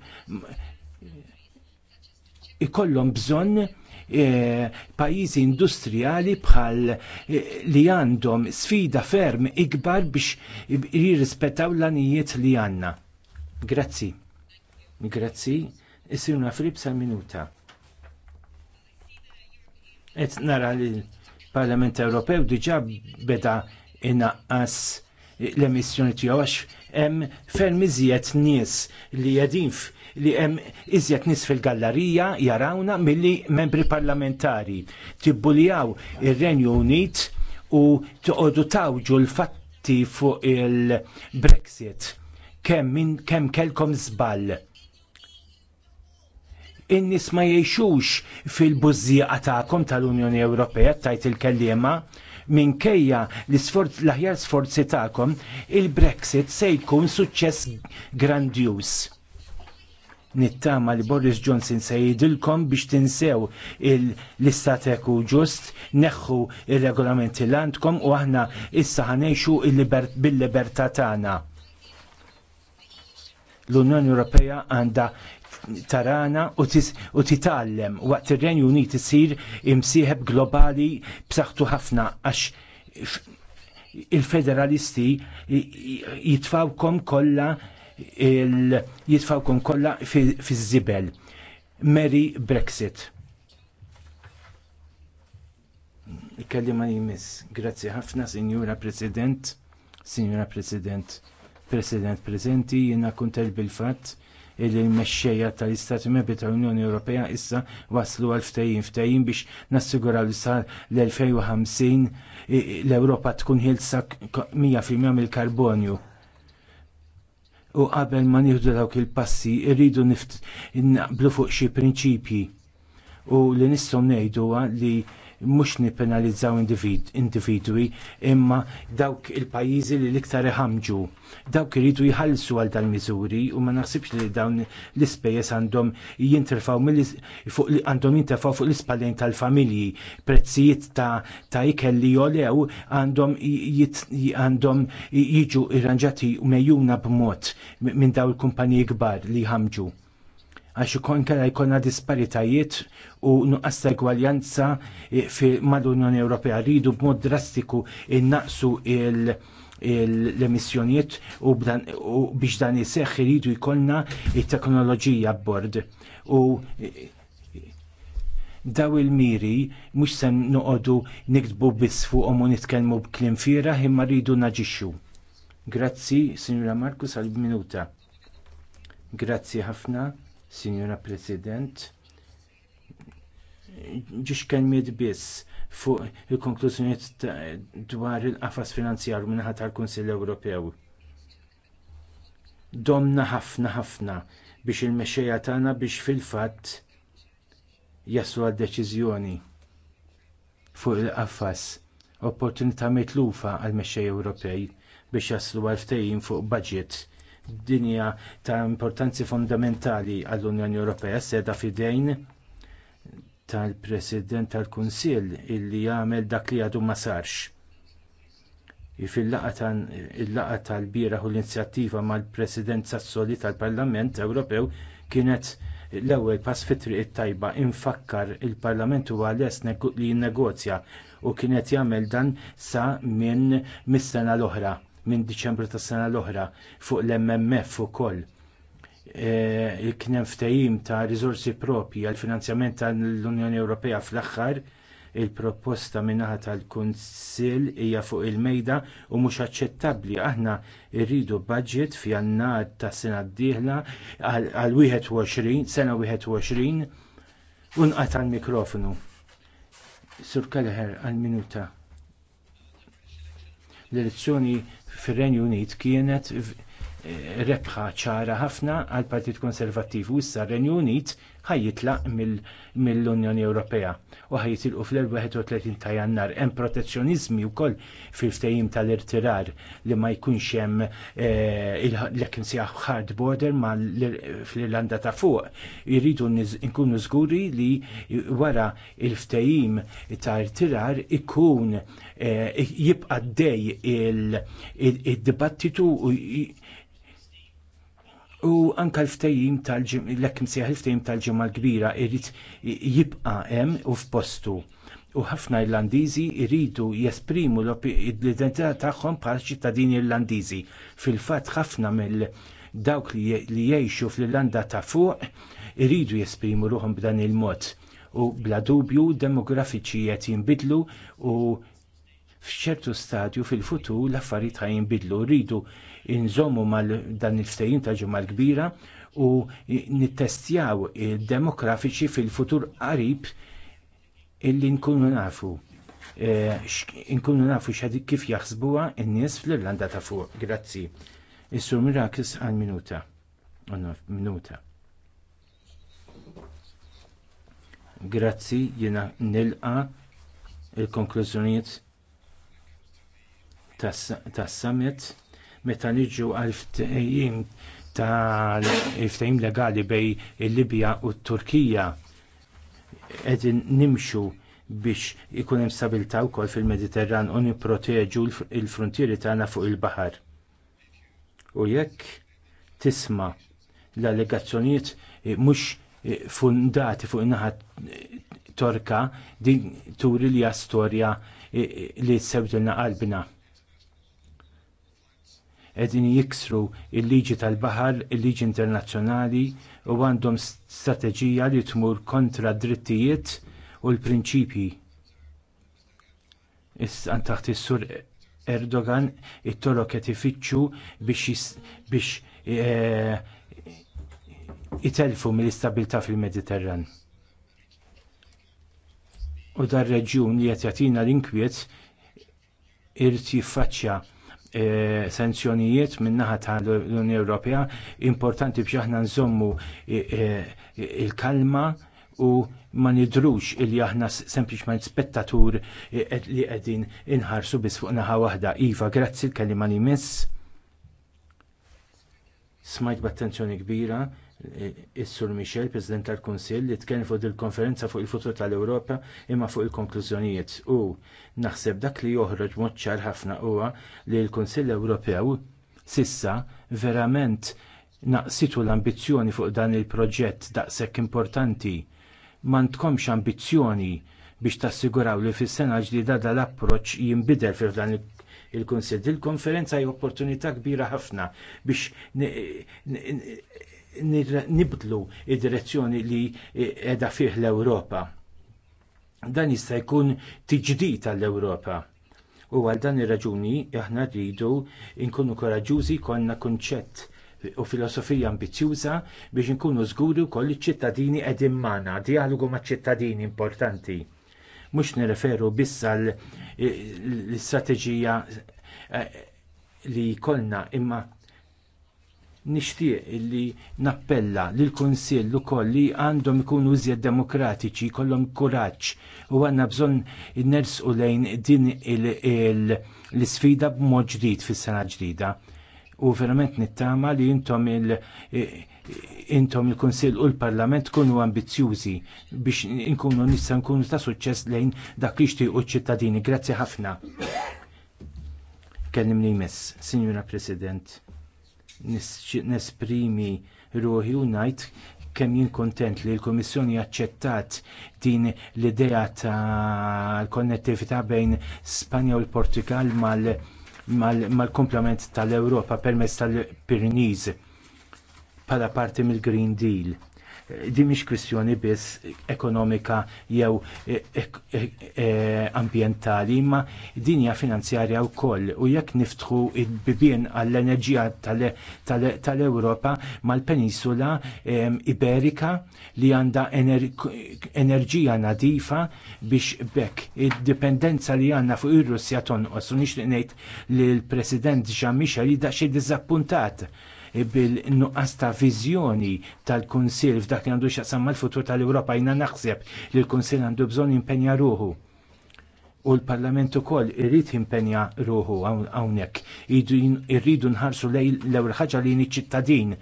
[SPEAKER 2] ikollhom bżonn e, pajjiżi industrijali bħal e, li għandhom sfida ferm ikbar biex jirrispettaw l-anijiet li għandna. Grazzi. Grazzi, isirna Filip sa' minuta. Et nara li l-Parlament Ewropew diġà beda inaqqas l-emissjoni tiegħu għax hemm ferm iżjed nies li qegħdin li hemm iżjed nies fil-gallerija jarawna milli membri parlamentari tibbuljaw ir-Renju Unit u toqgħodu tawġu l-fatti fuq il-Brexit kemm kem kelkom żball in-nies ma jgħixux fil-bużżieqa tagħkom tal-Unjoni Ewropea tajt il-kellima minkejja l l-aħjar sforzi tagħkom il-Brexit se jkun suċċess grandjuż. Nittama li Boris Johnson se jidilkom biex tinsew l-istat eku ġust, neħħu il-regolamenti l-għandkom u aħna issa ħanejxu bil-libertà tagħna l-Unjoni Ewropea għandha tarana u titgħallem waqt ir-Renju Unit isir imsieħeb globali b'saħħtu ħafna għax il-federalisti jitfawkom kollha jitfawkom kollha fiż-żibel. Merry Brexit. ma jmiss. Grazzi ħafna, Signora President, Sinjura President, President Presenti, jiena kuntel bil-fatt illi l-mexxejja tal-Istati Membri tal-Unjoni Ewropea issa waslu għal ftehim ftehim biex nassiguraw li sar l-2050 l-Ewropa tkun ħilsa 100% mill-karbonju. U qabel ma nieħdu dawk il-passi rridu naqblu fuq xi prinċipji u li nistgħu ngħidu li mhux nipenalizzaw individwi imma dawk il-pajjiżi li l-iktar iħamġu. Dawk iridu jħallsu għal dal-miżuri u ma naħsibx li dawn l-ispejjeż għandhom jinterfaw fuq għandhom jinterfaw fuq l ispallin tal-familji. Prezzijiet ta' ta' ikel li jolew għandhom għandhom jiġu irranġati u mejjuna b'mod minn daw il-kumpaniji kbar li ħamġu għax ikon kera jkollna disparitajiet u nuqqas egwaljanza mal-Unjoni Ewropea rridu b'mod drastiku innaqsu l-emissjonijiet u, biex dan iseħħ iridu jkollna it-teknoloġija b'bord. U daw il-miri mhux se noqogħdu nikdbu biss fuqhom u nitkellmu b'kliem fiera imma rridu naġixxu. Grazzi, Sinjura Markus, għal-minuta. Grazzi ħafna. Sinjura President, ġiex kelmiet biss fuq il-konklużjoniet dwar il-qafas finanzjarju minnaħa tal-Kunsill Ewropew. Domna ħafna ħafna biex il-mexxejja tagħna biex fil-fatt jaslu għad deċiżjoni fuq il-qafas opportunità mitlufa għall mexxej Ewropej biex jaslu għal ftehim fuq budget dinja ta' importanzi fondamentali għall-Unjoni Ewropea seda fidejn tal-President tal-Kunsill illi jagħmel dak li għadu ma sarx. fil laqgħa tal-bieraħ u l-inizjattiva mal-President Sassoli tal-Parlament Ewropew kienet l-ewwel pass fi triq tajba infakkar il-Parlament huwa lest li jinnegozja u kien qed jagħmel dan sa minn mis-sena l-oħra minn Diċembru tas-sena l-oħra fuq l-MMF ukoll. E, kien hemm ftehim ta' riżorsi propji għall finanzjament tal-Unjoni Ewropea fl-aħħar il-proposta min-naħa tal-Kunsill hija fuq il-mejda u mhux aċċettabbli aħna rridu budget fi tas sena d-dieħla għal 21 sena 21 u nqata' l-mikrofonu. Sur Kelleher għal minuta. L-elezzjoni fir-Renju Unit kienet eh, rebħa ċara ħafna għall partit Konservattiv u issa r-Renju Unit ħajjitlaq mill-Unjoni Ewropea u ħajjitilqu fl-31 ta' jannar. Hemm protezzjonizmi wkoll fil-ftehim tal-irtirar li ma jkunx hemm l ekin sjaħ hard border ma fl-Irlanda ta' fuq. Iridu nkunu żguri li wara il-ftehim ta' irtirar ikun eh, jibqa' dej il-dibattitu u anka l ftehim tal ġim l-ekkim seħ l ftejjim tal-ġimgħa l-kbira jrid jibqa' hemm u f'postu u ħafna Irlandiżi jridu jesprimu l-identità tagħhom bħala ċittadini Irlandiżi. Fil-fatt ħafna mill dawk li jgħixu fl-Irlanda ta' fuq iridu jesprimu ruhom b'dan il-mod u bla dubju demografiċi qed jinbidlu u f'ċertu stadju fil-futur l-affarijiet ħajinbidlu rridu inżommu mal dan il-ftejjin ta' ġimgħa kbira u nittestjaw il demografiċi fil-futur qarib illi nkunu nafu. Eh, nkunu nafu xadi kif jaħsbuha n-nies fl-Irlanda ta' fuq. Grazzi. Is-sur Mirakis għal minuta. Minuta. Grazzi jiena nilqa il-konklużjonijiet tas-summit meta niġu għal ftehim tal-ftehim legali bejn il-Libja u t-Turkija qegħdin nimxu biex ikun hemm stabilità wkoll fil-Mediterran u nipproteġu l-frontieri tagħna fuq il-baħar. U jekk tisma' l-allegazzjonijiet eh, mhux eh, fundati fuq in-naħa torka din turi li storja eh, li s-sewtilna qalbina qegħdin jiksru l liġi tal-baħar, il-liġi internazzjonali u għandhom strateġija li tmur kontra drittijiet u l-prinċipji. Issa taħt is-sur Erdogan it tolok qed ifittxu biex eh, itelfu mill-istabilità fil-Mediterran. U dar reġjun li qed jagħtina l-inkwiet irid jiffaċċja E, sanzjonijiet min-naħa l unjoni Ewropea importanti biex aħna nżommu e, e, il-kalma u ma nidrux illi aħna sempliċement spettatur li qegħdin inħarsu biss fuq naħa waħda. Iva, grazzi l-kelima li miss. Smajt b'attenzjoni kbira Is-Sur Michel, President tal-Kunsill, li tkellem fuq il-konferenza fuq il-futur tal-Ewropa imma fuq il-konklużjonijiet u naħseb dak li joħroġ mod ċar ħafna huwa li l-Kunsill Ewropew sissa verament naqsitu l-ambizzjoni fuq dan il-proġett daqshekk importanti. M'għandkomx ambizzjoni biex tassiguraw li fis-sena ġdida dal-approċċ jinbidel fil dan il- il-Kunsill. Il-konferenza hija opportunità kbira ħafna biex nibdlu id-direzzjoni li edha fih l-Ewropa. Dan jista' jkun tiġdid għall-Ewropa. U għal dan ir-raġuni aħna rridu nkunu koraġġużi konna kunċett u filosofija ambizjuża biex inkunu żguri wkoll iċ-ċittadini qegħdin magħna, dialogu maċ-ċittadini importanti. Mhux nirreferu biss għall eh, l-istrateġija eh, li jkollna imma Nixtieq illi nappella lil kunsill ukoll li għandhom ikunu iżjed demokratiċi, jkollhom kuraġġ u għandna bżonn nersqu lejn din l isfida b'mod ġdid fis-sena ġdida. U verament nittama li intom il- intom il-Konsil u l-Parlament kunu ambizjużi biex nkunu nista nkunu ta' suċċess lejn dak li xtiequ ċittadini. Grazzi ħafna. Kellimni jmiss, Sinjura President nesprimi ruħi u ngħid kemm jien kuntent li l-Kummissjoni aċċettat din l-idea tal konnettività bejn Spanja u l-Portugal mal-komplement mal mal tal-Ewropa permezz tal-Pirniż bħala parti mill-Green Deal di mhix kwistjoni biss ekonomika jew e, e, e, ambjentali, imma dinja finanzjarja wkoll u jekk niftħu id bibien għall-enerġija tal-Ewropa mal-peninsula Iberika li għandha enerġija nadifa biex bekk id-dipendenza li għandna fuq ir-Russja tonqos u nixtieq ngħid li l-President Jean Michel jidaq xi dizappuntat bil-nuqqas ta' viżjoni tal-Kunsill f'dak li għandu xaqsam mal-futur tal-Ewropa jina naħseb li l-Kunsill għandu bżonn jimpenja ruħu. U l-Parlament ukoll irid impenja ruħu hawnhekk. Irridu nħarsu lejn l-ewwel ħaġa li ċittadin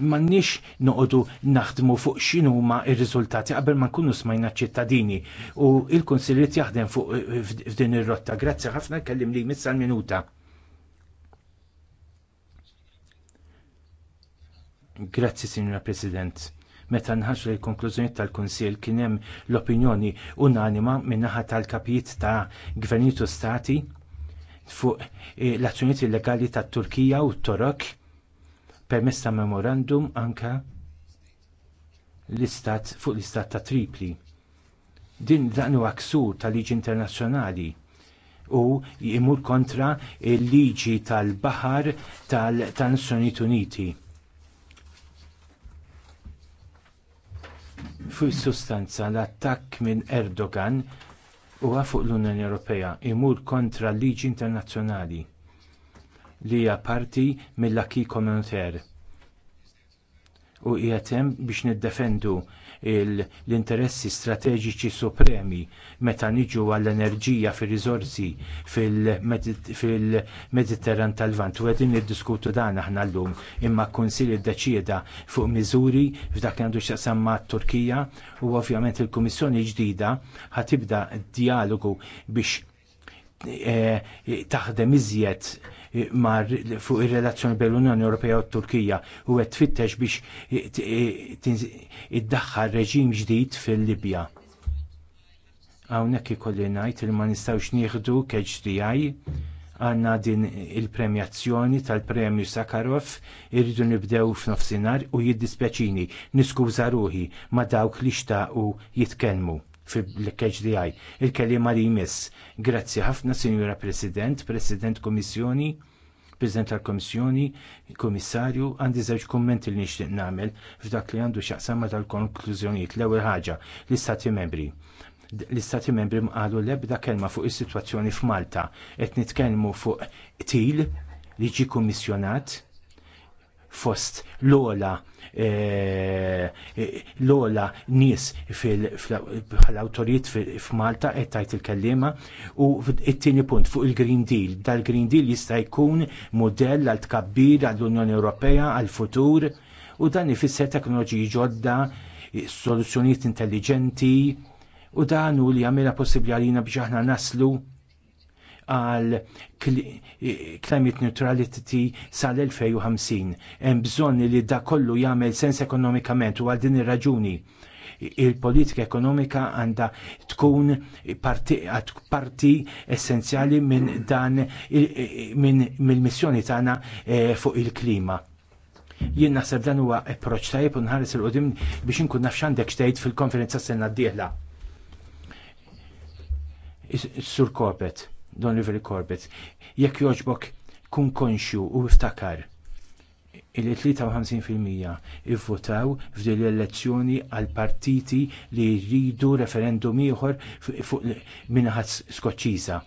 [SPEAKER 2] mannix noqodu naħdmu fuq xinu ma il-rizultati qabel ma nkunu smajna ċittadini u il-konsiljiet jaħdem fuq f'din ir-rotta. Grazzi ħafna kellim li missa minuta. Grazzi, Signora President. Meta nħarġu l konklużjoni tal-Kunsill kien hemm l-opinjoni unanima min-naħa tal-kapijiet ta' Gvernitu stati fuq eh, l-azzjonijiet illegali tat-Turkija u t-Torok permess ta' memorandum anka l-istat fuq l-istat ta' Tripli. Din dan huwa ksur tal-liġi internazzjonali u jimur kontra l liġi tal-baħar tal-Nazzjonijiet Uniti Fuq sustanza l-attakk minn Erdogan huwa fuq l-Unjoni Ewropea imur kontra l-liġi internazzjonali li hija parti mill aki komunitar u qiegħed hemm biex niddefendu l-interessi strateġiċi supremi meta niġu għall-enerġija fir-riżorsi fil-Mediterran tal-Vant. U għedin niddiskutu dan aħna llum imma kunsil iddeċieda fuq miżuri f'dak li għandu x'aqsam mat-Turkija u ovvjament il-Kummissjoni ġdida ħatibda dialogu biex eh, taħdem iżjed fuq ir-relazzjoni bejn l-Unjoni Ewropea u t-Turkija u qed tfittex biex iddaħħal reġim ġdid fil-Libja. Hawnhekk ikolli ngħid li ma nistgħux nieħdu KHDI għandna din il-premjazzjoni tal-premju Sakharov irridu nibdew f'nofsinhar u jiddispjaċini niskuża ruħi ma dawk li xtaqu jitkellmu fi l-KHDI. Il-kelima li jmiss. Grazzi ħafna, Sinjura President, President Komissjoni, President tal-Komissjoni, Komissarju, għandi żewġ kummenti li nixtieq nagħmel f'dak li għandu x'aqsam tal-konklużjonijiet. L-ewwel ħaġa, l-Istati Membri l-istati membri mqalu l-ebda kelma fuq is-sitwazzjoni f'Malta qed nitkellmu fuq til li ġi kummissjonat fost l-ola eh, eh, l-ola nis fil-autoriet f'Malta qed tajt il kelliema u it-tieni punt fuq il-Green Deal. Dal-Green Deal jista' jkun mudell għal tkabbir għall-Unjoni Ewropea għall-futur u dan ifisser teknoloġiji ġodda, soluzzjonijiet intelligenti u dan u li għamilha possibbli għalina biex aħna naslu għal climate neutrality sal-2050. Hemm bżonn li da kollu jagħmel sens ekonomikament u għal din ir-raġuni il-politika ekonomika għandha tkun parti, parti essenzjali minn dan mill-missjoni tagħna eh, fuq il-klima. Jien naħseb dan huwa approċċ tajjeb u nħares il-qudiem biex inkun naf x'għandek xtejt fil-konferenza s-sena d-dieħla. Sur Kopet Don River Corbett, jekk jogħġbok kun konxju u iftakar il-53% ivvotaw f'din l-elezzjoni għal partiti li jridu referendum ieħor fuq minħat skoċċiża.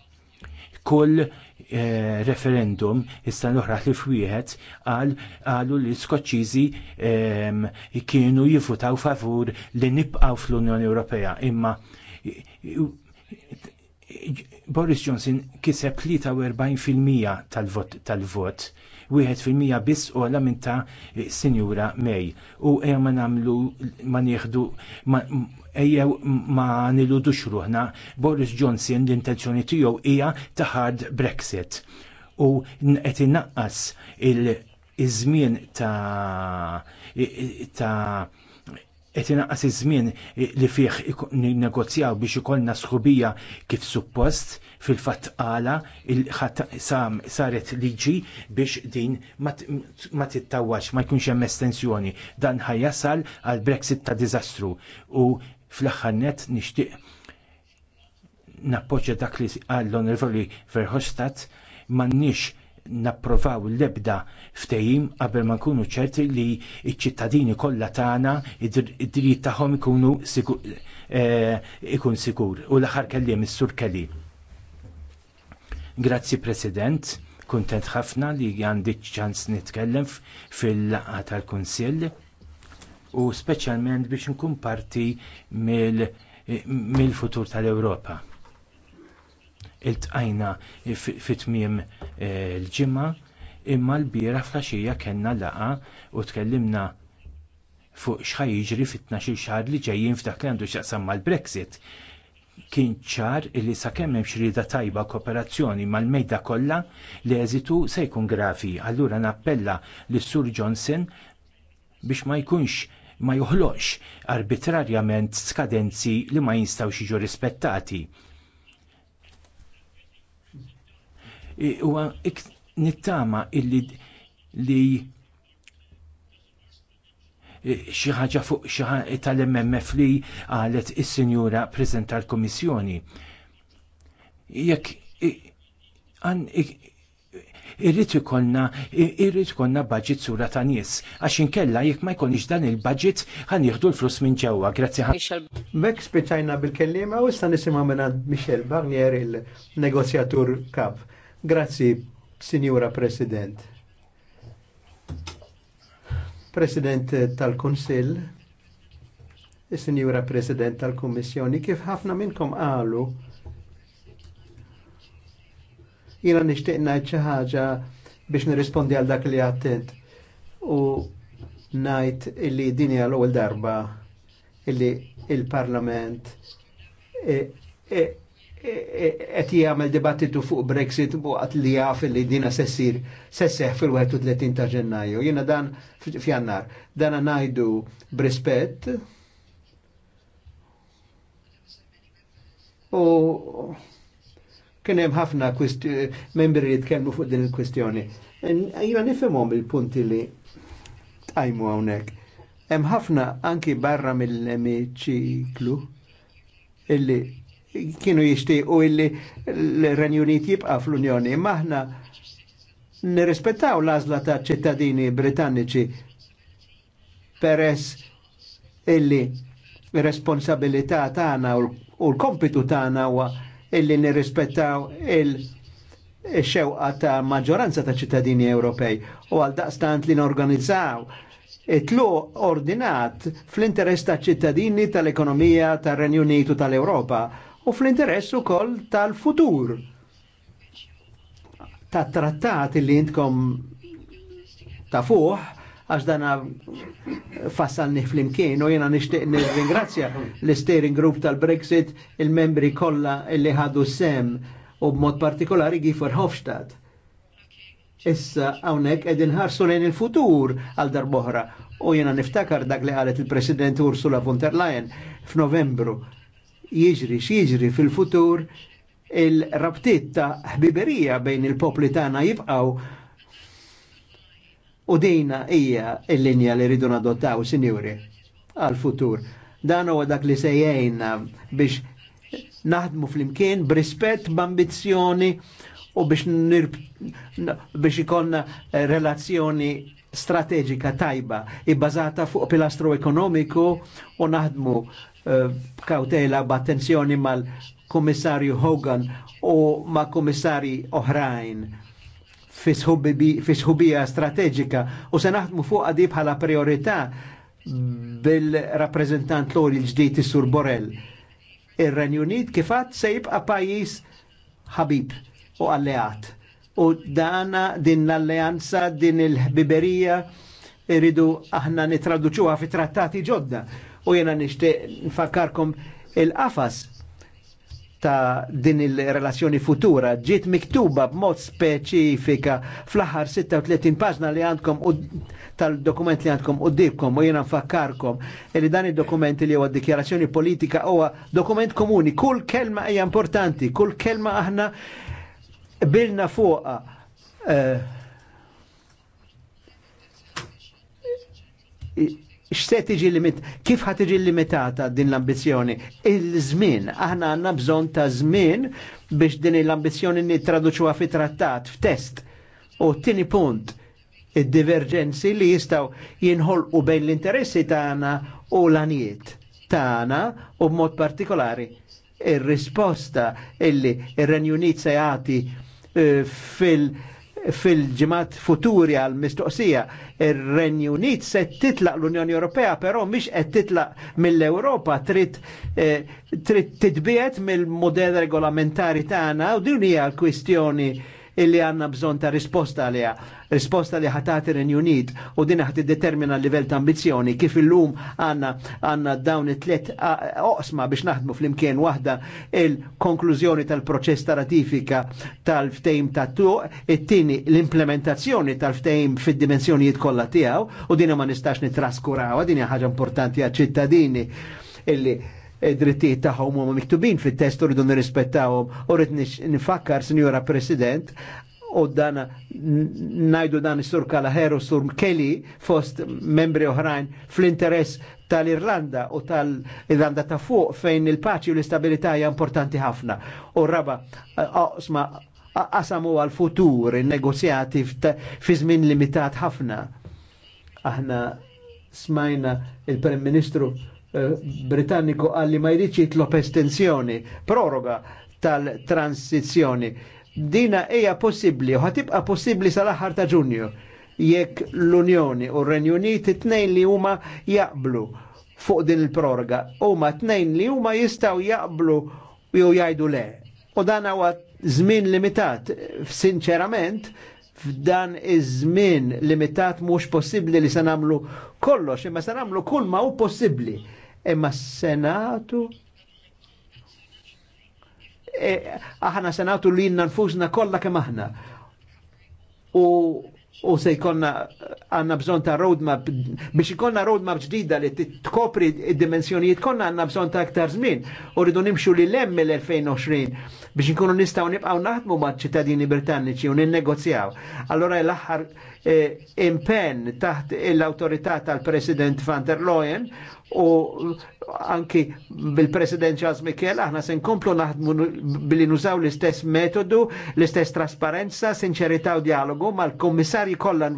[SPEAKER 2] Kull eh, referendum issa l-oħra li fwieħed għal għalu li skoċċiżi ehm, kienu jivvotaw favur li nibqgħu fl-Unjoni Ewropea imma Boris Johnson kiseb 43% tal-vot tal-vot, wieħed fil-mija biss ola minn ta' Sinjura May. U ejja ma nagħmlu ma nieħdu ejja ma niludux ruħna Boris Johnson l-intenzjoni tiegħu hija ta' hard Brexit. U qed innaqqas il-żmien ta' ta' qed inaqqas iż-żmien li fih negozjaw biex ikollna sħubija kif suppost fil-fatt qala saret liġi biex din ma tittawax ma jkunx hemm estensjoni dan ħajjasal għal Brexit ta' diżastru u fl-aħħar nett nixtieq nappoġġja dak li għall onorevoli Verhofstadt m'għandniex napprovaw l-ebda ftehim qabel ma nkunu ċerti li ċ-ċittadini kollha tagħna id-dritt tagħhom ikunu eh, ikun sikur. U l-aħħar kelliem is-Sur Kelly. Grazzi President, kuntent ħafna li għandi ċans nitkellem fil-laqgħa tal-Kunsill u speċjalment biex nkun parti mill-futur tal-Ewropa iltqajna fit-tmiem eh, l-ġimgħa imma l-bira flaxija kellna laqgħa u tkellimna fuq x'ħaj jiġri fit il xahar li ġejjin f'dak li għandu x'jaqsam mal-Brexit kien ċar li sakemm hemm xrieda tajba kooperazzjoni mal-mejda kollha l-eżitu se jkun grafi. Allura nappella lis sur Johnson biex ma jkunx ma joħloqx arbitrarjament skadenzi li ma jistgħux jiġu rispettati huwa nittama illi li xi ħaġa fuq xi tal-MMF li qalet is-sinjura preżenta l-Kummissjoni. Jekk irrid ikollna irrid ikollna budget sura ta' nies għax inkella jekk ma jkunx dan il-budget ħan jieħdu l-flus minn ġewwa. Grazzi ħafna.
[SPEAKER 5] Mek spiċajna bil kelliema u issa nisimgħu minn Michel Barnier il-negozjatur kap. Grazzi, Signora President. President tal-Konsil, Signora President tal-Kommissjoni, kif ħafna minnkom għalu, jina nishtiq najt xi ħaġa biex nirrispondi għal dak li għattent u najt illi dini għal ewwel darba illi il-Parlament e, e, qed jagħmel dibattitu fuq Brexit waqt li jaf li dina sessir sesseħ fil-31 ta' Ġennaju. Jiena dan f'jannar, dan ngħidu brispett u kien hemm ħafna membri li jitkellmu fuq din il-kwistjoni. Jiena nifhimhom il-punti li tajmu hawnhekk. Hemm ħafna anki barra mill-emiċiklu illi kienu jishtiqu illi l-Renju Unit jibqa' fl-Unjoni. Maħna nirrispettaw l-azla ta' ċittadini Britanniċi peress illi responsabilità tagħna u l-kompitu tagħna huwa illi nirrispettaw il-xewqa ta' maġġoranza ta' ċittadini Ewropej u għal daqstant li norganizzaw itlu ordinat fl-interess ta' ċittadini tal-ekonomija tar-Renju Unitu tal-Ewropa u fl-interess ukoll tal-futur ta' trattati li intkom ta' fuq għax dana fassalni fl-imkien u jena nishtiq nir-ringrazzja l-steering group tal-Brexit il-membri kolla li ħadu sem u b'mod partikolari Gifer Hofstadt. Issa għawnek edin ħarsu lejn il-futur għal darboħra u jena niftakar dak li għalet il-President Ursula von der Leyen f'Novembru jiġri x'jiġri fil-futur il-rabtiet ta' ħbiberija bejn il-popli tagħna jibqgħu u dejna hija l-linja li rridu nadottaw, sinjuri, għal-futur. Dan huwa dak li sejjna biex naħdmu fl-imkien b'rispett, b'ambizzjoni u biex nirb, biex ikonna relazzjoni strateġika tajba, ibbażata fuq pilastru ekonomiku u naħdmu b'kautela eh, b'attenzjoni mal-Kummissarju Hogan u ma' kummissari oħrajn fisħubija strateġika u se naħdmu fuq għadib bħala priorità bil-rappresentant l il-ġdijt sur Borrell. Ir-Renju Unit kifat se jibqa pajis ħabib u alleat. U dana din l-alleanza, din il-biberija, irridu aħna nitraduċuha fi trattati ġodda u jena nishti nfakkarkom il-qafas ta' din il-relazzjoni futura ġiet miktuba b'mod speċifika fl-aħħar 36 paġna li għandkom tal-dokument li għandkom u dibkom u jena nfakkarkom li dan il-dokument li huwa dikjarazzjoni politika huwa dokument komuni, kull kelma hija importanti, kull kelma aħna bilna fuq Uh, eh, x'se tiġi limit, kif ħad tiġi limitata din l-ambizzjoni? Il-żmien, aħna għandna bżonn ta' żmien biex din l-ambizzjoni nittraduċuha fi trattat, f'test. U tieni punt, id-diverġenzi li jistaw jinħolqu bejn l-interessi tagħna u l-anijiet tagħna u b'mod partikolari il risposta illi il-Renjunit se jagħti eh, fil- fil-ġimat futuri għal mistoqsija ir-Renju Unit se titlaq l-Unjoni Ewropea, però mhix qed titlaq mill-Ewropa trid eh, trid titbiet mill-modell regolamentari tagħna u din hija l-kwistjoni illi għanna bżon ta' risposta għalija, risposta li ħatati renjunit u din ħat determina l-livell ta' ambizjoni kif illum għanna għanna dawn it-tlet oqsma biex naħdmu fl-imkien waħda il-konklużjoni tal-proċess ta' ratifika tal-ftejm ta' tuq, it-tini l-implementazzjoni tal-ftejm fid-dimensjonijiet kollha tiegħu u din ma nistax nitraskuraw, din hija ħaġa importanti għal ċittadini illi drittijiet tagħhom huma miktubin fit-test u rridu nirrispettawhom u rrid nifakkar, Sinjora President, u dan najdu dan sur Kalaher u sur Kelly fost membri oħrajn fl-interess tal-Irlanda u tal-Irlanda ta' fuq fejn il-paċi u l-istabilità hija importanti ħafna. U raba, osma, qasamu għal-futur, in negozjati fi żmien limitat ħafna. Aħna smajna il-Prem Ministru Eh, Britanniku għalli ma jridx jitlob estensjoni, proroga tal-transizjoni. Dina hija possibbli u ħatibqa possibbli sal-aħħar ta' Ġunju jekk l-Unjoni u r-Renju Unit tnejn li huma jaqblu fuq din il-proroga. Huma tnejn li huma jistgħu jaqblu jew jgħidu le. U dan huwa żmien limitat. Sinċerament, f'dan iż-żmien limitat mhux possibbli li se nagħmlu kollox, imma se nagħmlu kull ma hu possibbli imma s-senatu e, aħna senatu li jinnan fuzna kollha kemm aħna. U u se jkonna għanna bżon ta' roadmap, biex ikonna roadmap ġdida li tkopri id-dimensjonijiet konna għanna bżon ta' aktar żmien u rridu nimxu li lemm mill-2020 biex nkunu nistaw nibqaw naħdmu ma' ċittadini Britanniċi u ninnegozjaw. Allora l-aħħar e, impenn taħt l-autorità tal-President van der Leyen u anki bil-President Charles Michel aħna sen komplu naħdmu billi nużaw l-istess metodu, l-istess trasparenza, sinċerità u dialogu mal kommissari kollha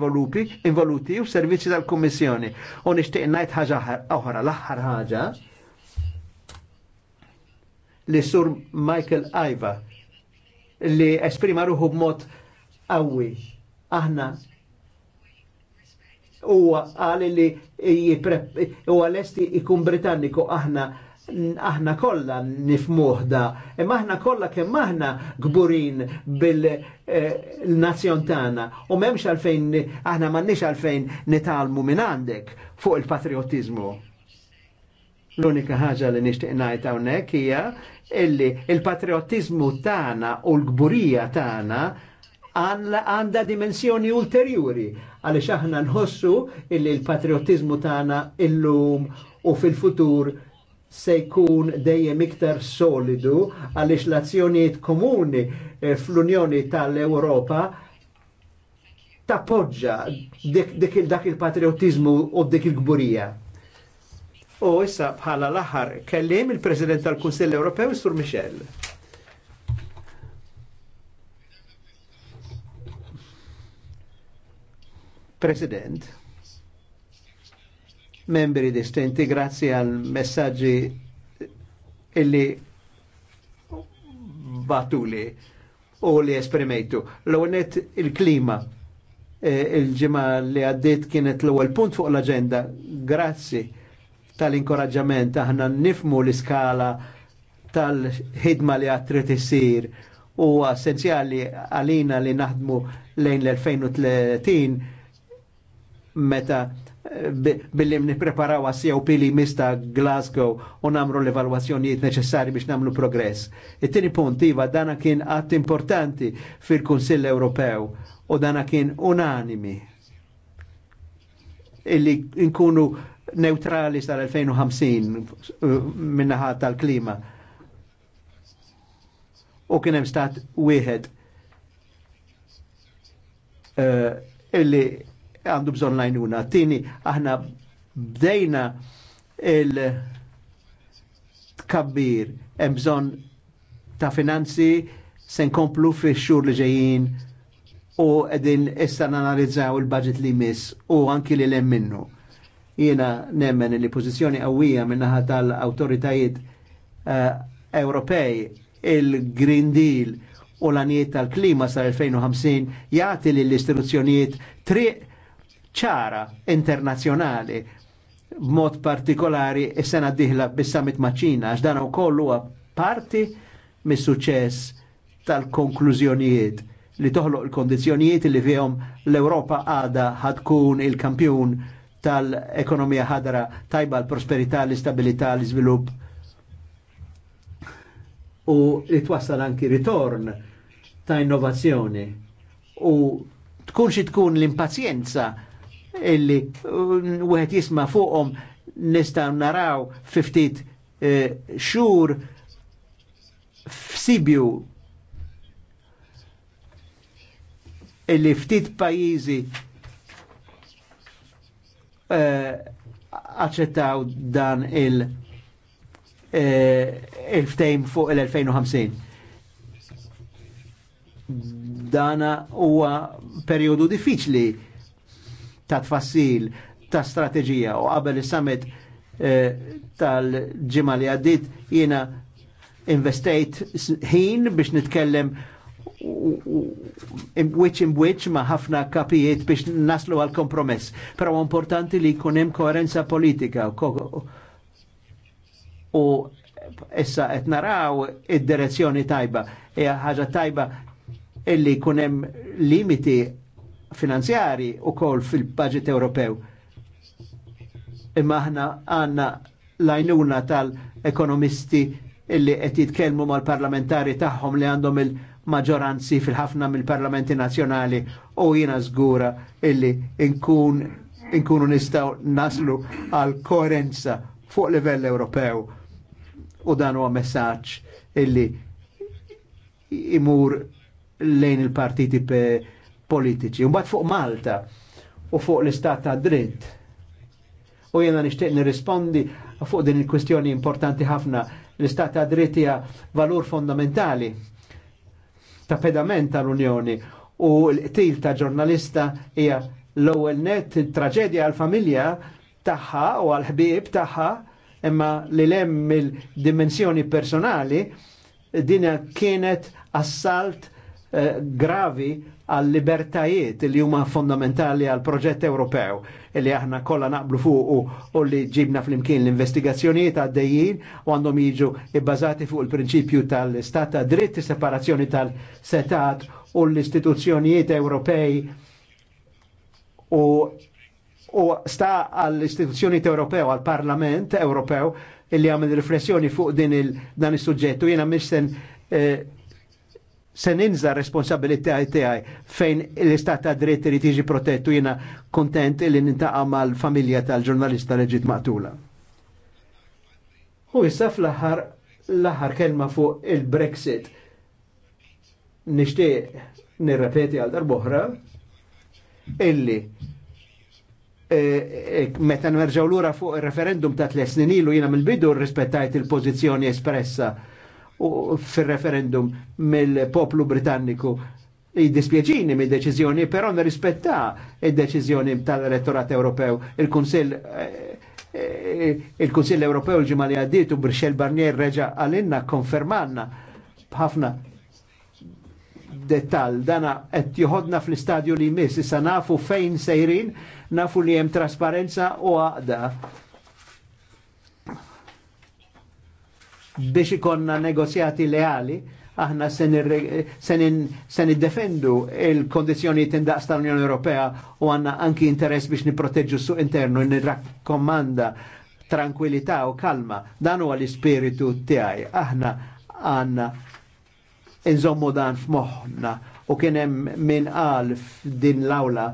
[SPEAKER 5] involuti u servizzi tal kommissjoni U nixtieq ngħid ħaġa oħra, l-aħħar ħaġa li sur Michael Iva li esprima ruħu b'mod qawwi aħna Huwa qal li huwa lesti ikun Britanniku aħna aħna kollha nifmuh da, imma aħna kollha kemm aħna gburin bil-nazzjon tagħna u m'hemmx għalfejn aħna m'għandniex għalfejn nitalmu minn għandek fuq il-patriotizmu. L-unika ħaġa li nixtieq ngħid hawnhekk hija illi il-patriotizmu tagħna u l-gburija tagħna għanda dimensjoni ulterjuri għaliex aħna nħossu illi l-patriotizmu tagħna illum u fil-futur se jkun dejjem iktar solidu għaliex l-azzjonijiet komuni eh, fl-Unjoni tal-Ewropa tappoġġa dak il-patriotizmu u dik il-gburija. U issa bħala l-aħħar kellim il-President tal-Kunsill Ewropew Sur Michel. President, membri distinti, grazzi għal messaġġi illi batuli u li esprimejtu. L-għonet il-klima eh, il ġima li għaddit kienet l-ewwel punt fuq l-agenda. Grazzi tal-inkoraġġament aħna nifmu l-iskala tal-ħidma li għattri issir u essenzjali għalina li naħdmu lejn l-2030 meta billi nipreparaw għas-COP li mista Glasgow u namru l-evalwazzjonijiet neċessari biex namlu progress. it tini punt iva dana kien għatt importanti fil-Kunsill Ewropew u dana kien unanimi illi nkunu neutrali sal-2050 uh, minnaħa tal-klima. U kienem stat wieħed uh, illi għandu bżon lajnuna. Tini, aħna bdejna il-tkabbir, hemm bżon ta' finanzi se nkomplu fi xhur li ġejjin u qegħdin issa nanalizzaw il-budget li miss u anki li lem minnu. Jiena nemmen li pożizzjoni qawwija minnaħa tal-awtoritajiet uh, Ewropej il-Green Deal u l-anijiet tal-klima sa' 2050 jagħti lill istituzzjonijiet triq ċara internazzjonali b'mod partikolari is-sena diħla bis-summit maċina għax dan ukoll huwa parti mis-suċess tal-konklużjonijiet li toħloq il-kondizjonijiet li fihom l-Ewropa għada ħadkun il-kampjun tal-ekonomija ħadra tajba l-prosperità, l-istabilità, l-iżvilupp u li twassal anki ritorn ta' innovazzjoni u tkun xi tkun l-impazjenza illi għet uh, jisma fuqhom nistaw naraw fiftit eh, xhur f'Sibju illi ftit pajjiżi eh, aċċettaw dan il- eh, il-ftejm fuq il-2050. Dana huwa periodu diffiċli ta' tfassil ta' strateġija u qabel is-summit eh, tal-ġimgħa li għaddit jiena investejt ħin biex nitkellem
[SPEAKER 2] in
[SPEAKER 5] imwiċ ma ħafna kapijiet biex naslu għal kompromess. Però importanti li jkun hemm koerenza politika u issa qed naraw id-direzzjoni tajba. Hija ħaġa tajba illi jkun hemm limiti finanzjari u kol fil-budget Ewropew. Imma aħna għanna lajnuna tal-ekonomisti illi qed jitkellmu mal-parlamentari tagħhom li għandhom il-maġoranzi fil-ħafna mill-parlamenti nazzjonali u jiena żgura illi nkun inkunu nistaw naslu għal koerenza fuq livell Ewropew u dan huwa messaġġ illi imur lejn il-partiti politiċi, u bat fuq Malta u fuq l-istat ta' dritt. U jena nishtiq nirrispondi fuq din il-kwestjoni importanti ħafna l-istat ta' dritt hija valur fondamentali ta' pedament tal-Unjoni u l-qtil ta' ġurnalista hija l-ewwel net traġedja għal-familja tagħha u għal-ħbieb tagħha imma li lem il-dimensjoni personali dina kienet assalt Eh, gravi għal libertajiet li huma fondamentali għal proġett Ewropew li aħna kollha naqblu fuq u li ġibna flimkien l-investigazzjonijiet għaddejjin u għandhom jiġu ibbażati fuq il-prinċipju tal-istat ta' dritt, separazzjoni tal-setat u l-istituzzjonijiet Ewropej u u sta għall-istituzzjonijiet Ewropew, għal parlament Ewropew, li għamil riflessjoni fuq din il, dan il-sujġettu, jena misten eh, se ninża responsabilità tiegħi fejn l-istat ta' dritt irid jiġi protettu jiena kontent li nintaqa' mal-familja tal-ġurnalista li ġiet maqtula. U issa fl-aħħar l-aħħar kelma fuq il-Brexit nixtieq nirrepeti għal darboħra illi e, e, meta nerġgħu lura fuq ir referendum ta' tliet snin ilu jiena mill-bidu rrispettajt il-pożizzjoni espressa u fil-referendum mill-poplu Britanniku. Jiddispjaġini mid deċiżjoni però nirrispetta id-deċiżjoni tal-elettorat Ewropew. Il-Kunsill eh, eh, il-Kunsill Ewropew l-ġimgħa li għaddiet u Brixel Barnier reġa' għalinna konfermanna b'ħafna dettal dana qed joħodna fl-istadju li jmiss issa nafu fejn sejrin, nafu li hemm trasparenza u għaqda biex ikonna negozjati leali, aħna sen niddefendu defendu il-kondizjoni tindaqs tal-Unjoni Ewropea u għanna anki interess biex niproteġu suq internu, nirrakkomanda tranquillità u kalma. Dan huwa l-ispiritu tiegħi. Aħna għanna inżommu dan f'moħħna u kien hemm min qal din l-awla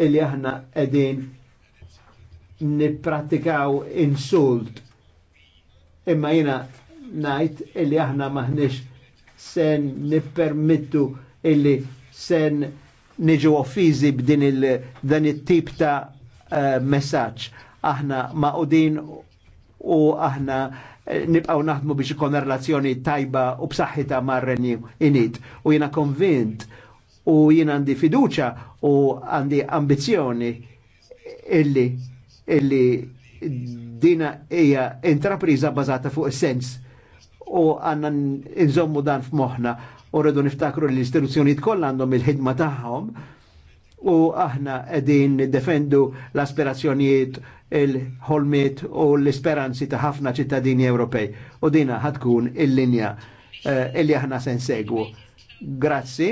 [SPEAKER 5] illi aħna qegħdin nippratikaw insult Imma jina najt illi aħna maħnix sen nippermittu illi sen niġu offizi b'din il-dan it-tip ta' eh, messaċ. Aħna maqudin u aħna eh, nibqaw naħdmu biex ikon relazzjoni tajba u b'saħħita mar-renju init. U jina konvint u jina għandi fiduċa u għandi ambizjoni illi illi dina hija intrapriża bażata fuq is-sens u għanna nżommu dan f'moħħna u rridu niftakru li l-istituzzjonijiet kollha għandhom il-ħidma tagħhom u aħna qegħdin defendu l-aspirazzjonijiet il-ħolmiet u l-isperanzi ta' ħafna ċittadini Ewropej. U dina ħatkun il-linja eh, illi aħna se nsegwu. Grazzi.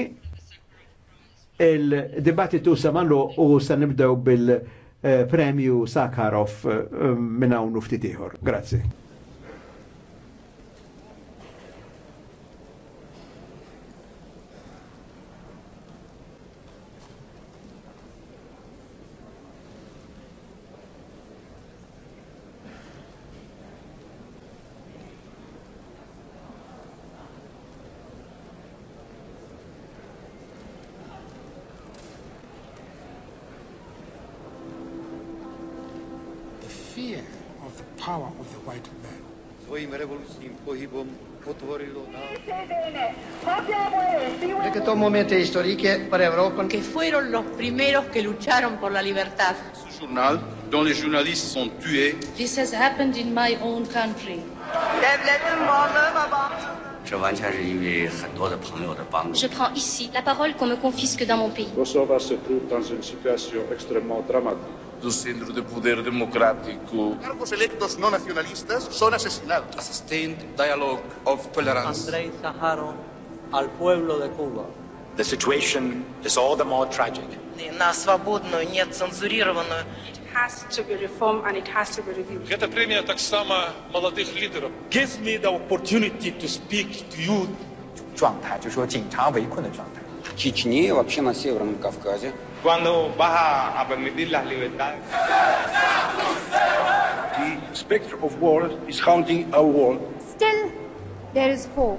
[SPEAKER 5] Il-dibattitu samanlu u sa nibdew bil- Eh, premju Sakharov eh, minna hawn ftit ieħor. Grazie. realmente
[SPEAKER 1] historique para Europa. Que fueron los primeros que lucharon por la libertad. Ce journal, dont les journalistes sont tués. This has happened in my own country. Je
[SPEAKER 4] prends ici la parole qu'on me confisque dans mon pays.
[SPEAKER 1] Kosovo se trouve dans une situation extrêmement dramatique.
[SPEAKER 3] do Centro de Poder Democrático. Cargos
[SPEAKER 5] electos no nacionalistas son asesinados. A sustained
[SPEAKER 2] dialogue of tolerance.
[SPEAKER 4] Andrei Saharo al pueblo de Cuba.
[SPEAKER 2] The situation is all the more tragic.
[SPEAKER 4] It has
[SPEAKER 1] to be reformed and it has to be reviewed.
[SPEAKER 4] Gives me the
[SPEAKER 2] opportunity to speak to you. a The specter of war is haunting our world.
[SPEAKER 4] Still, there is hope.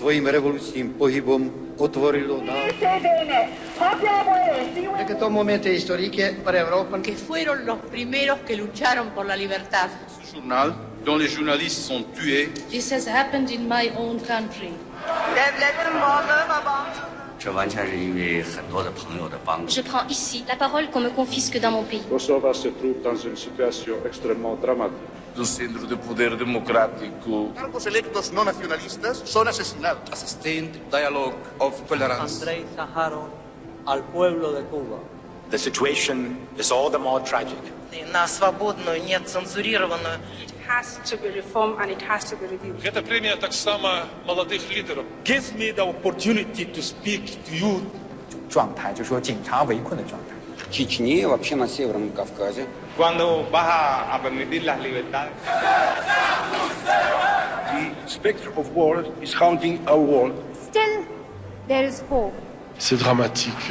[SPEAKER 5] svojim revolučným pohybom otvorilo na... De que todo momento histórico para Europa. Que fueron los primeros que
[SPEAKER 4] lucharon por la libertad.
[SPEAKER 5] Ce journal, dont les journalistes sont tués.
[SPEAKER 4] This has happened in my own country. Devletin varlığı
[SPEAKER 1] ve bağımsızlığı
[SPEAKER 4] Je prends ici la parole qu'on me confisque dans mon pays.
[SPEAKER 3] Kosova se trouve dans une situation extrêmement dramatique. Do centro de poder democrático. Cargos electos no
[SPEAKER 5] nacionalistas son
[SPEAKER 2] asesinados. A sustained dialogue
[SPEAKER 3] of tolerance.
[SPEAKER 5] Andrei Saharov
[SPEAKER 2] al pueblo de Cuba. The situation is all the more tragic.
[SPEAKER 4] На свободную, нет цензурированную has to be reformed and it has to be reviewed.
[SPEAKER 2] Эта премия так само молодых лидеров. Gives me the opportunity to speak to you. 状态就是说警察围困的状态。Чечне, вообще на Северном Кавказе. Cuando vas a permitir las libertades. The specter of war is haunting our world.
[SPEAKER 4] Still, there is hope.
[SPEAKER 3] C'est dramatique.